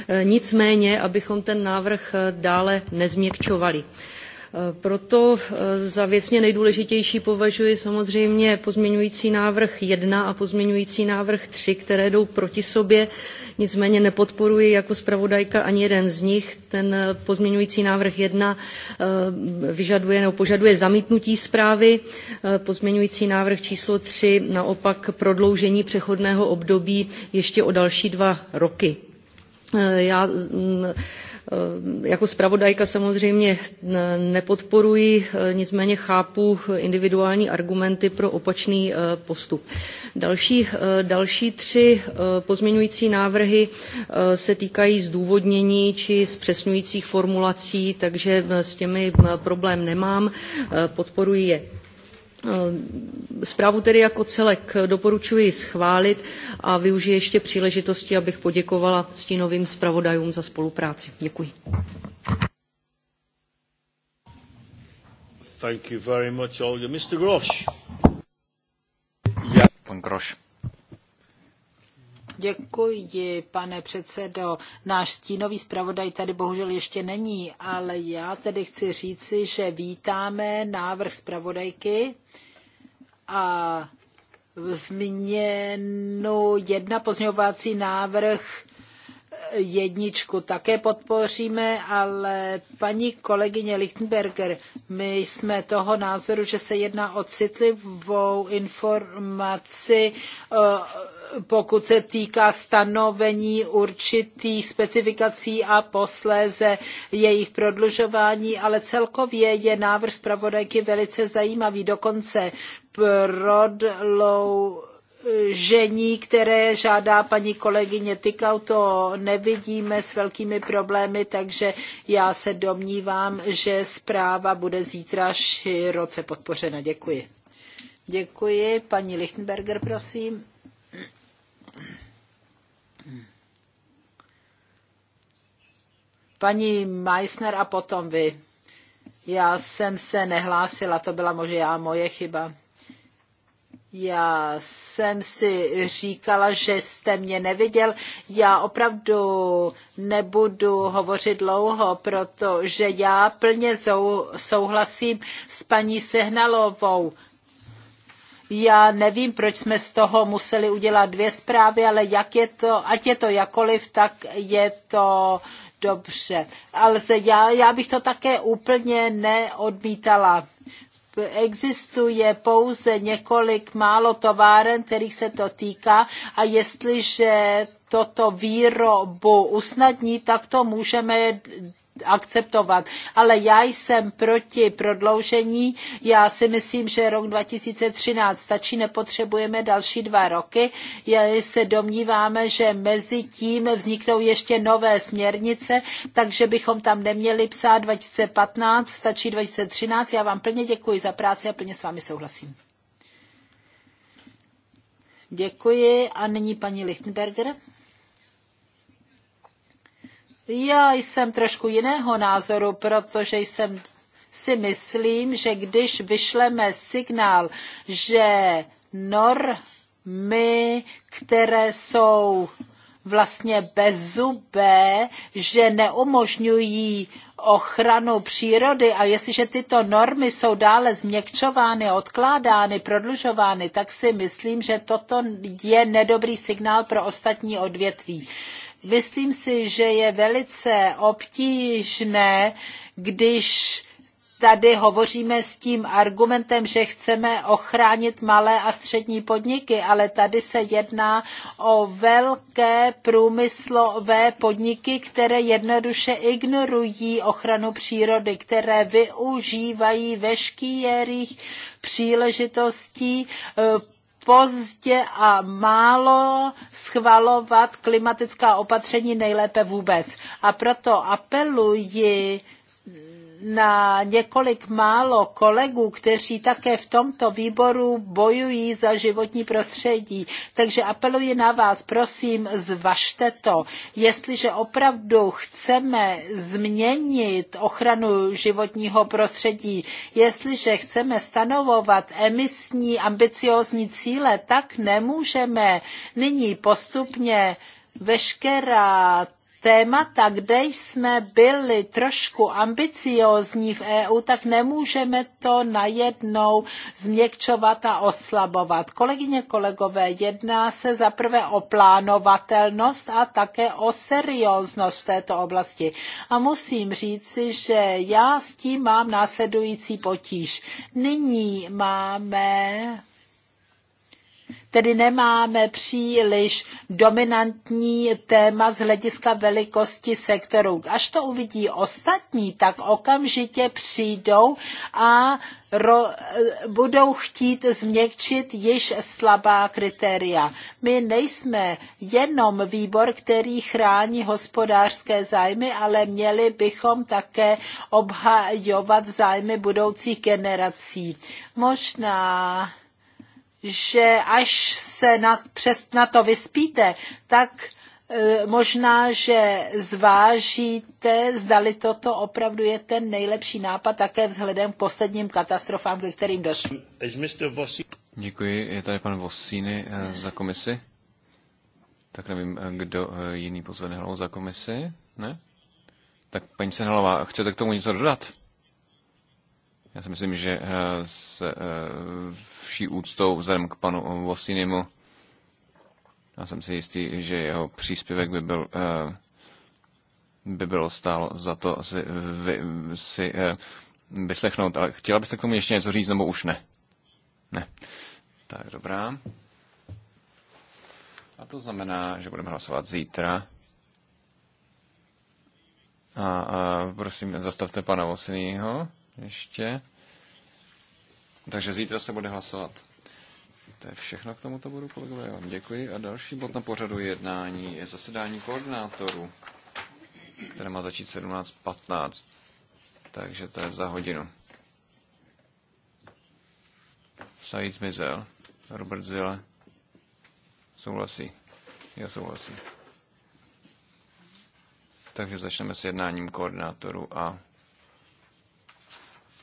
Eh, nicméně, abychom ten návrh dále nezměkčovali. Proto eh, za věcně nejdůležitější považuji samozřejmě pozměňující návrh 1 a pozměňující návrh 3, které jdou proti sobě. Nicméně nepodporuji jako zpravodajka ani jeden z nich. Ten eh, pozměňující návrh 1 eh, vyžaduje nebo požaduje zamítnutí zprávy. Pozměňující návrh číslo 3 naopak prodloužení přechodného období ještě o další dva roky. Já mm, Eh, jako zpravodajka samozřejmě nepodporuji, eh, nicméně chápu individuální argumenty pro opačný eh, postup. Další, další tři pozměňující návrhy se týkají zdůvodnění či zpřesňujících formulací, takže s těmi problém nemám, podporuji je. Eh, zprávu tedy jako celek doporučuji schválit a využiji ještě příležitosti, abych poděkovala stínovým zpravodajům za spolupráci. Děkuji. Thank you very much, Olga. Mr. Grosch. pan Grosch. Děkuji, pane předsedo. Náš stínový zpravodaj tady bohužel ještě není, ale já tedy chci říci, že vítáme návrh zpravodajky a změnu jedna pozměňovací návrh jedničku také podpoříme, ale paní kolegyně Lichtenberger, my jsme toho názoru, že se jedná o citlivou informaci, eh, pokud se týká stanovení určitých specifikací a posléze jejich prodlužování, ale celkově je návrh zpravodajky velice zajímavý. Dokonce prodlou žení, které žádá paní kolegyně Tykau, to nevidíme s velkými problémy, takže já se domnívám, že zpráva bude zítra široce podpořena. Děkuji. Děkuji. Paní Lichtenberger, prosím. Paní Meissner a potom vy. Já jsem se nehlásila, to byla možná moje chyba. Já jsem si říkala, že jste mě neviděl. Já opravdu nebudu hovořit dlouho, protože já plně souhlasím s paní Sehnalovou. Já nevím, proč jsme z toho museli udělat dvě zprávy, ale jak je to, ať je to jakoliv, tak je to dobře. Ale já, já bych to také úplně neodmítala existuje pouze několik málo továren, kterých se to týká a jestliže toto výrobu usnadní, tak to můžeme akceptovat. Ale já jsem proti prodloužení. Já si myslím, že rok 2013 stačí, nepotřebujeme další dva roky. Já se domníváme, že mezi tím vzniknou ještě nové směrnice, takže bychom tam neměli psát 2015, stačí 2013. Já vám plně děkuji za práci a plně s vámi souhlasím. Děkuji a nyní paní Lichtenberger. Já jsem trošku jiného názoru, protože jsem si myslím, že když vyšleme signál, že normy, které jsou vlastně bezzubé, že neumožňují ochranu přírody a jestliže tyto normy jsou dále změkčovány, odkládány, prodlužovány, tak si myslím, že toto je nedobrý signál pro ostatní odvětví. Myslím si, že je velice obtížné, když tady hovoříme s tím argumentem, že chceme ochránit malé a střední podniky, ale tady se jedná o velké průmyslové podniky, které jednoduše ignorují ochranu přírody, které využívají veškerých příležitostí eh, pozdě a málo schvalovat klimatická opatření nejlépe vůbec. A proto apeluji na několik málo kolegů, kteří také v tomto výboru bojují za životní prostředí. Takže apeluji na vás, prosím, zvažte to. Jestliže opravdu chceme změnit ochranu životního prostředí, jestliže chceme stanovovat emisní ambiciózní cíle, tak nemůžeme nyní postupně veškerá témata, kde jsme byli trošku ambiciózní v EU, tak nemůžeme to najednou změkčovat a oslabovat. Kolegyně, kolegové, jedná se zaprvé o plánovatelnost a také o serióznost v této oblasti. A musím říci, že já s tím mám následující potíž. Nyní máme Tedy nemáme příliš dominantní téma z hlediska velikosti sektoru. Až to uvidí ostatní, tak okamžitě přijdou a ro, budou chtít změkčit již slabá kritéria. My nejsme jenom výbor, který chrání hospodářské zájmy, ale měli bychom také obhajovat zájmy budoucích generací. Možná že až se na, přes na to vyspíte, tak e, možná, že zvážíte, zdali toto opravdu je ten nejlepší nápad, také vzhledem k posledním katastrofám, ke kterým došlo. Děkuji, je tady pan Vosíny e, za komisi. Tak nevím, e, kdo jiný pozve Nehalovou za komisi, ne? Tak paní Senhalová, chcete k tomu něco dodat? Já si myslím, že se vší úctou vzhledem k panu Vosinimu. Já jsem si jistý, že jeho příspěvek by byl eh, by bylo stálo za to si, vy, si eh, vyslechnout. Ale chtěla byste k tomu ještě něco říct, nebo už ne? Ne. Tak, dobrá. A to znamená, že budeme hlasovat zítra. A, a prosím, zastavte pana Vosinýho ještě. Takže zítra se bude hlasovat. To je všechno k tomuto bodu, kolegové. Já vám děkuji. A další bod na pořadu jednání je zasedání koordinátorů, které má začít 17.15. Takže to je za hodinu. Said zmizel. Robert Zile. Souhlasí. Já souhlasím. Takže začneme s jednáním koordinátorů a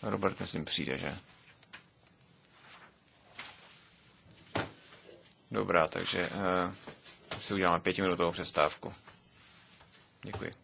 Robert, myslím, přijde, že? Dobrá, takže uh, si uděláme pětiminutovou přestávku. Děkuji.